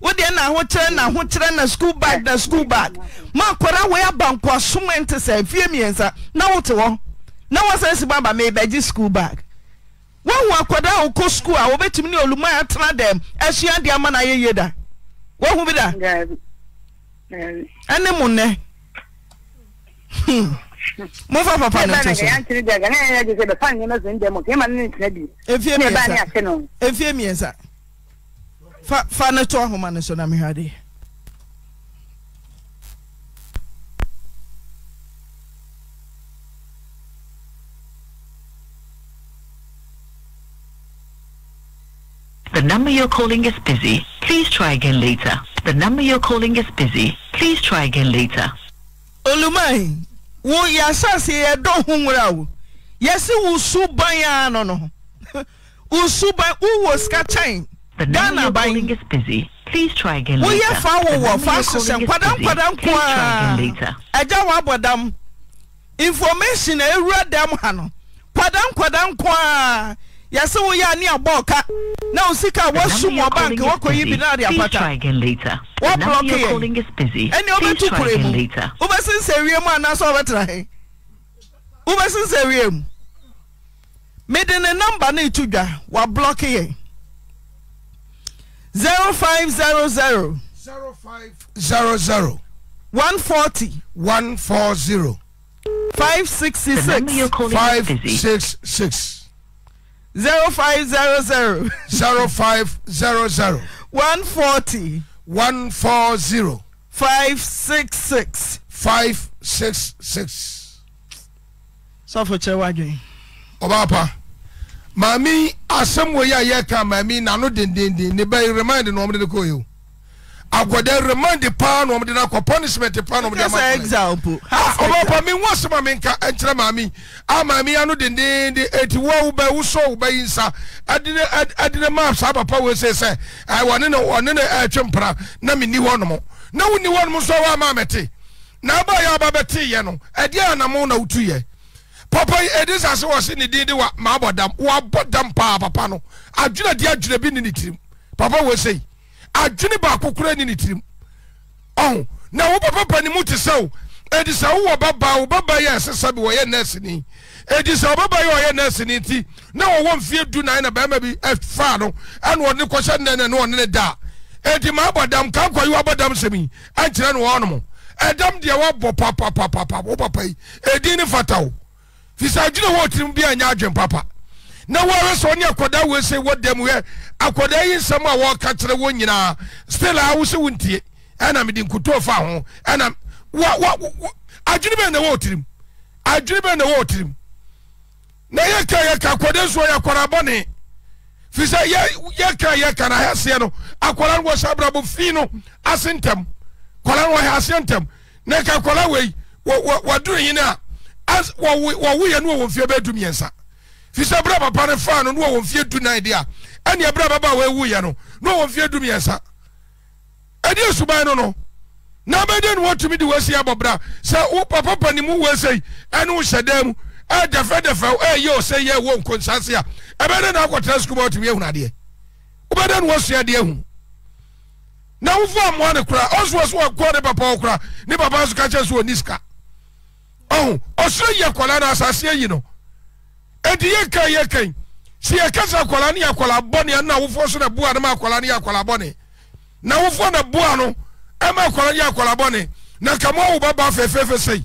wodeɛ na ahokyerɛ na ahokyerɛ na school bag na school bag ma akwara wei aba nkoasom nte sɛ fie mmiɛnsa na wote hɔ na wɔsan si ba ba meebɛgye school bag woahu akwara a wokɔ school a wobɛtumi ne oluma atena dɛm asua deɛ ama no ayɛ yie da woahu bi da ɛne mo nnɛ hmm. mofa papa no nkyɛ so efie mmiɛnsa to ahoma so na The number you're calling is busy. Please try again later. The number you're calling is busy. Please try again later. Olumai, wo yasa se ye do hunwura wo. Yesi wo ya no no. Wo suban wo wo chain. ghana ban woyɛ fa wo wɔ fa sesɛ nkwadaa nkwadaa nko a agya wabɔ dam information a ewura dam ha no nkwadaa nkwadaa nko a yɛsɛ woyɛ a ne abɔ ɔka na o sika wɔsum wɔ bank wɔkɔ yi bi na ade apata wɔblɔke yɛ ɛne wobɛtu kure mu wobɛsensɛ wie mu anaasɛ wɔbɛtena he wobɛsensɛ wie mu mede ne namba no etu dwa wɔablɔke yɛn zero five zero zero. zero five zero zero. one forty. one four zero. five sixty six. five six six. zero five zero zero. zero five zero zero. one forty. one four zero. five six six. five six six. sọfọ kyerẹ wájú yìí. ọba apa. mami asɛm weyiayɛka mami naano deee nebɛ remand noɔdenɛ akda remand pa nodenpɔnsm paa mewo asɛm a menka nkyerɛ mai mami ah, ano dee woswoainsa adenma saa papassɛnn twepra na meni hɔ nom na woni hnom sowamamɛte nabaɛba bɛteyɛ no adanamona wotɛ papa yi ɛdi sase wɔ se ne din de wa maa bɔ dam wa bɔ dam paa papa no adwene di adwene bi ne ne tirim papa wɔ se yi adwene baako kura ne ne tirim ɔn na wo papa pa ne mu te sɛ o ɛdi sɛ wowɔ babaa wo babaa yi ɛsesa bi wɔyɛ nɛɛse ni edisa sɛ ɔbɛba yi ɔyɛ nɛɛse ni ti na wɔwɔ mfie du nan na bɛrima bi ɛfa no ɛna ɔne kɔhyɛ nnɛ na ɔne ne da ɛdi maa bɔ dam kankɔ yi wa bɔ dam sɛm yi ɛnkyerɛ no wɔn nom ɛdam deɛ wabɔ papapapapa wo papa yi ɛdi ne fata o. fisa adwene wɔ ɔtirim bi a nyɛ adwen papa na wɔre sɛ ɔne akwadaa wei sɛ wɔda mu yɛ akwadaa yi nsɛm a wɔreka kyerɛ wɔn nyinaa still a wo sɛ wontie ɛna mede nkutoo fa ho ɛna adwene bɛn na ɛwɔ ɔtirim adwene bɛn na ɛwɔ ɔtirim na yɛka yɛka akwadaa nso yɛ so bɔne firi sɛ yɛka yɛka na ahɛseɛ no akwadaa no wɔ sɛ abrabɔ fii no ase ntɛm kwadaa no wɔ ahɛseɛ ntɛm na ɛka we wei wɔduru yi no a as wɔwo wɔwoyɛ no wɔ mfie bɛ du mmiɛnsa fisɛ berɛ papa no faa no no wɔ mfie du nan deɛ a ɛneɛ berɛ baba a wɔawuyɛ no no wɔ du mmiɛnsa ɛdeɛ suban no no na bɛdeɛ no wɔtumi de wɔasi abɔ berɛ sɛ wo papa pani mu wɔasɛi ɛne wo hyɛ dan mu ɛdɛfɛdɛfɛ ɛyɛ ɔsɛ yɛ wɔ nkonsase a ɛbɛdɛ na akɔtena sukuu ma wɔtumi ahunu adeɛ wobɛdɛ no wɔasua adeɛ hu na wofo ammoa ne kora ɔsoɔ so wɔkɔɔ ne papa wɔ kora ne papa nso ka kyɛ so ɔni sika ɔhun ɔsoro yɛ akwadaa na asase ayi no edi yɛ kan yɛ kan si yɛ kasa akwadaa ne yɛ akwadaa bɔne ɛna awofoɔ so na bu anam akwadaa ne yɛ akwadaa bɔne na awofoɔ na bu ano ɛma akwadaa yɛ akwadaa bɔne na kama awo ba ba fɛfɛɛfɛ sɛyi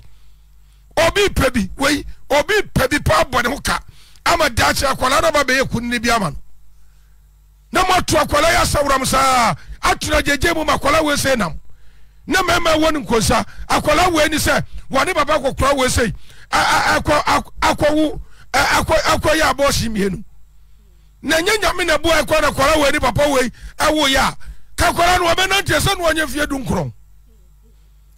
obi pɛ bi wei obi pɛ bi pa abɔ ne ho ka ama daakye akwadaa na ba bɛyɛ kunni bi ama no na mo ato akwadaa yɛ asawuram saa ato na gyegye mu ma akwadaa wei sɛ nam na mɛɛma wɔ ne nkonsa akwadaa wei ni sɛ. wɔne baba kɔkora wɔ akọ akɔwo akɔyɛ abɔɔhye mmienu na nyɛ nyame na bu a ɛkɔ na kɔra e, e, e, wɔ ni papa wei ɛwoyɛ a kakọra no wɔbɛnante sɛ na wɔnyɛ mfie du nkorɔn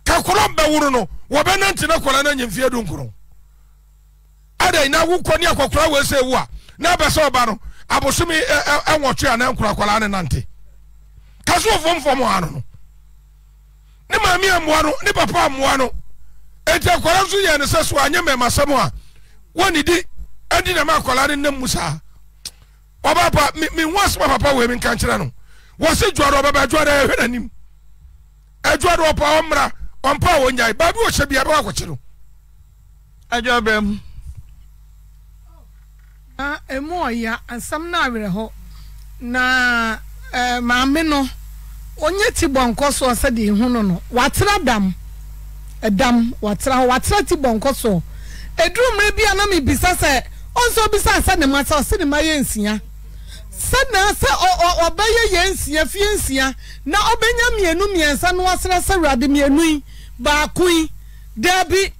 kakɔra bɛworo no wɔbɛnante na kɔra na nyɛ mfie du nkorɔn adɛn na wokɔ ne akɔkora wɔ sɛ wo a na abɛ sɛ ɔba no abosome ɛwɔtwe a na nkorakɔra ne nante ka so ɔfɔmfɔm ano no ne maame ammoa no ne papa ammoa no eti akwara nso yɛ ne sɛ so anyɛ mɛma sɛm a wɔne di ɛdi nam akwara ne nam mu saa ɔba pa mi mi nwa soma papa wɔ mi nka nkyerɛ no wɔsi dwara ɔbɛba dwara ɛhwɛ n'anim ɛdwara ɔpa ɔmra ɔmpa wɔnyae baabi wɔhyɛ bi abɛwɔ akɔkye no. adwa bɛrɛ na emu ɔya asam na awerɛ hɔ na ɛɛ eh, maame no onye ti bɔ nkɔ so ɔsɛ de no no watera dam. ɛdam watera hɔ watera ti bɔnkɔ so eduru mmerɛ bi a na mi bisa sɛ ɔnso bisa sɛ ne ma sɛ ɔsɛ ne ma yɛ nsia sɛnaa sɛ ɔ ɔ ɔbɛyɛ yɛ nsia fie nsia na ɔbɛnya mmienu mmiɛnsa na wasrɛ sɛ mmienu yi baako yi daabi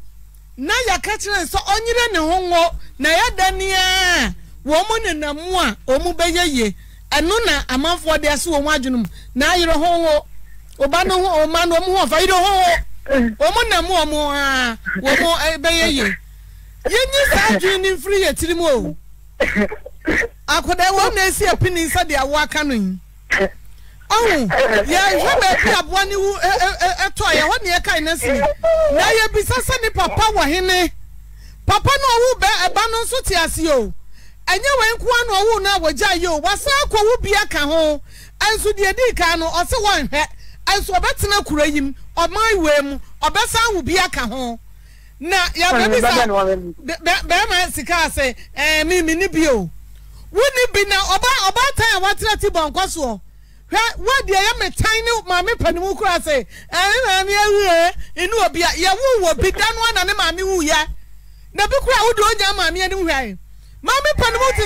na yɛka kyerɛ sɛ ɔnyere ne ho ngo na yɛ daniɛ wɔn mu nenam mu a wɔn mu bɛyɛ yie ɛno na amanfoɔ de ɛso wɔn adwene mu na ayerɛ ho ngo ɔba no ho ɔma no wɔn ho ɔfa yere ho ngo. ọmụ wɔn nam wɔn aa wɔn bɛyɛ yie nye saa adwene ne mfiri tiri mụ o akwadaa wɔn na esi epi n'isa dị de aka aka no yi ɔho yɛhwɛ baabi abụọ ne wu ɛtɔ a yɛhɔ ne yɛka ne si na yɛbisa sɛ ne papa wɔ hene papa na ɔwo bɛ ɛba no nso te ase o ɛnyɛ wɔn nkoa na ɔwo na wɔgya yi o wasa akɔ wo bia ka ho ɛnso deɛ di kan no ɔsi wɔn hwɛ ɛnso ɔbɛtena kura yi mu. ọ wee mu ɔbɛsan ahụ bi aka ho na ya sa bɛrima sika ase o bi na ɔba ɔba tan a watena ti bɔnkɔ soɔ hwɛ wadi ɛyɛ mi tan ne maame panimu kura se ɛɛ maame ɛwuɛ obi a yɛwu wɔ bi maame ya na bi kura onya maame maame ti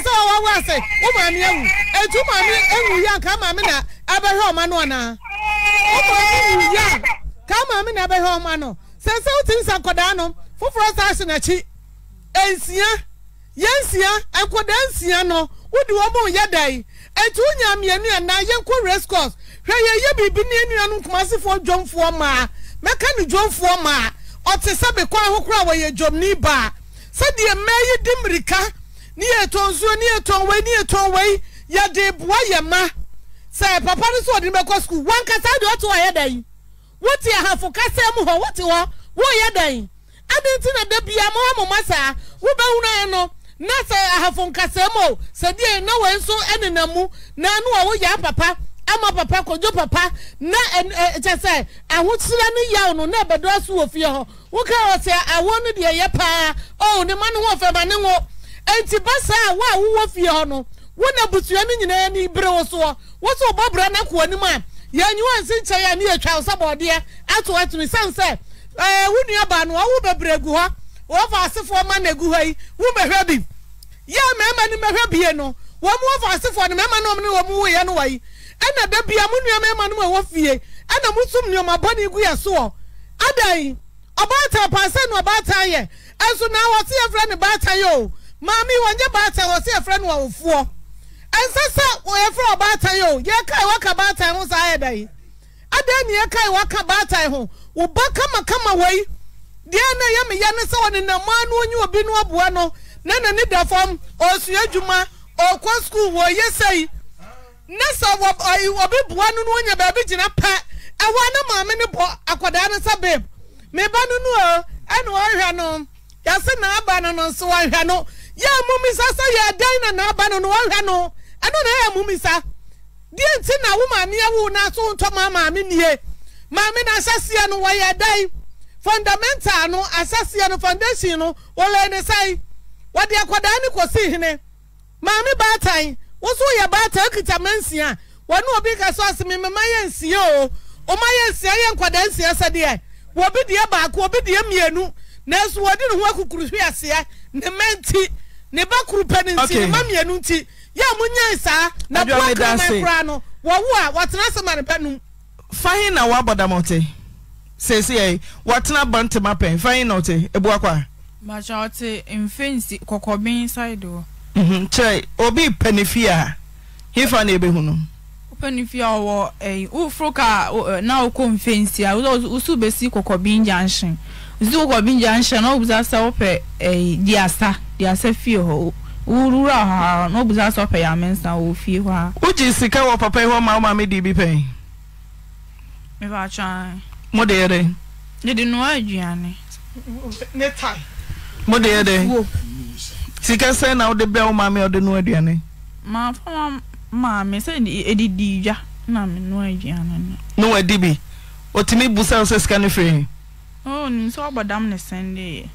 ase maame etu maame maame na ka maame na ɛbɛhwɛ ɔmo ano sɛnsɛ wotumi sɛ nkɔdaa no foforɔ saa hyɛ n'akyi nsia yɛn nsia nkɔdaa nsia no wodi wɔn yɛ dan etu nya mmienu ɛnan yɛn kɔ race course hwɛ yɛ yɛ biribi ne nua no nkumasefoɔ dwomfoɔ maa mɛka ne dwomfoɔ maa ɔte sɛ bɛkɔ ahokora a wɔyɛ dwomni baa sɛdeɛ mmaa yi di mmirika ne yɛ tɔn nsuo ne yɛ tɔn wei ne yɛ tɔn wei yɛde boa yɛ ma sɛ papa no so ɔde ne bɛkɔ sukuu wankasa deɛ ɔte wɔ yɛ wote ahafo kasa mu hɔ wote hɔ woyɛ dan adi nti na da bia mo hɔ mo ma saa wobɛhunu yɛ no na sɛ ahafo nkasa mu o sɛdeɛ na wɔn nso nenam mu na ano a woyɛ papa ama papa kojú papa na kyɛ sɛ ahokyerɛ no yaw no na ɛbɛdɔ aso wɔ fie hɔ woka wɔ sɛ awo ni deɛ yɛ paa o ne ma no e ho fɛma ne ho basa a wo a wowɔ fie no wo na busua no ni bere wo soɔ wo yɛn nyiwa nsi nkyɛn yɛn ani atwa nsa bɔdeɛ ato ato ne sɛn sɛ ɛɛ eh, wo nua baa no ɔwo bebree gu hɔ wɔfa asefoɔ ma na egu hɔ yi wo mɛhwɛ bi yɛ mɛɛma ne mɛhwɛ bie no wɔn wɔfa asefoɔ no mɛɛma no ɔmo ne wɔn wo yɛ no wɔ yi ɛna da mo nua mɛɛma no ɛwɔ fie ɛna mo sum nneɛma bɔ ne gu yɛ soɔ adan ɔbaatan paase na ɔbaatan yɛ ɛnso na wɔte yɛ frɛ ne baatan yɛ o maame wɔn nyɛ baatan wɔte yɛ frɛ no ɛnsɛsɛ wɔyɛfrɛ ɔbaatan o yɛka wɔka baatan ho saa yɛ da yi adan ne yɛka wɔka baatan ho wɔba kamakama wɔyi deɛ na ɛyɛ meyɛ ne sɛ wɔnenam maa no onyi obi no aboa no na n'ani da fam ɔsua adwuma ɔkɔ sukuu wɔyɛ sɛyi na sɛ ɔbi boa no no onya baabi gyina pɛ ɛwɔ na maame ne bɔ akwadaa no sɛ babe meba no no o ɛna ɔhwɛ no yɛse n'aba no no nso ɔhwɛ no yɛ amumisa sɛ yɛ ɛdan na n'aba no no ɔhwɛ no ɛno na ɛyɛ mumisa deɛ nti na wo maame awo na so ntɔ ma maame nie maame na ahyɛseɛ no wɔyɛ dan fundamental no ahyɛseɛ no foundation no wɔlɛ ne sae wɔde akwadaa ne kɔsi hene maame baatan wosow yɛ baatan kita mansia wɔne obi ka so aseme mema yɛ nsia o ɔma yɛ nsia yɛ nkwadaa nsia sɛdeɛ wɔbi deɛ baako obi deɛ mmienu nanso wɔde ne ho akukuru hwi aseɛ ne mma nti ne ba kuru pɛ ne nti ne mma mmienu nti. Okay. yà mụ nye nsa na bụọkụ mmekwura no wọwụ a wọtena sema ne bẹnum. fahin na wa abọdamọte sesi ya eh, wọtena bantama pẹn fahin na ọte ebu akwa. macha ọte mfe nsi kọkọ bin saidi hɔ. Mhm, kyerɛ obi panifi a hifa na ebe hunu. panifi a ɔwɔ ɛyi eh, ufuru ka eh, na ɔkɔ mfe nsi a wusu besi kɔkɔ bin junction wusu kɔkɔ bin junction na ɔbusa sɛ ɔpɛ ɛyi diasa diasa fie hɔ. wuru ha na obuza sọ pɛ ya mensa wɔ fie ha. a. wogye sika wɔ papa yi hɔ ma ɔma mi di bi pɛn. mefa atwan. mo de yɛ dɛ. dede nua aduane. ne tae. mo de yɛ dɛ. sika sɛn na wode bɛ wo maame ɔde nua aduane. maa fɔ ma maame sɛ edidi dwa na me nua aduane no. ne wa di bi otumi busa sɛ sika ne firi. o oh, nim sɛ ɔbɔ dam ne sɛn de yɛ.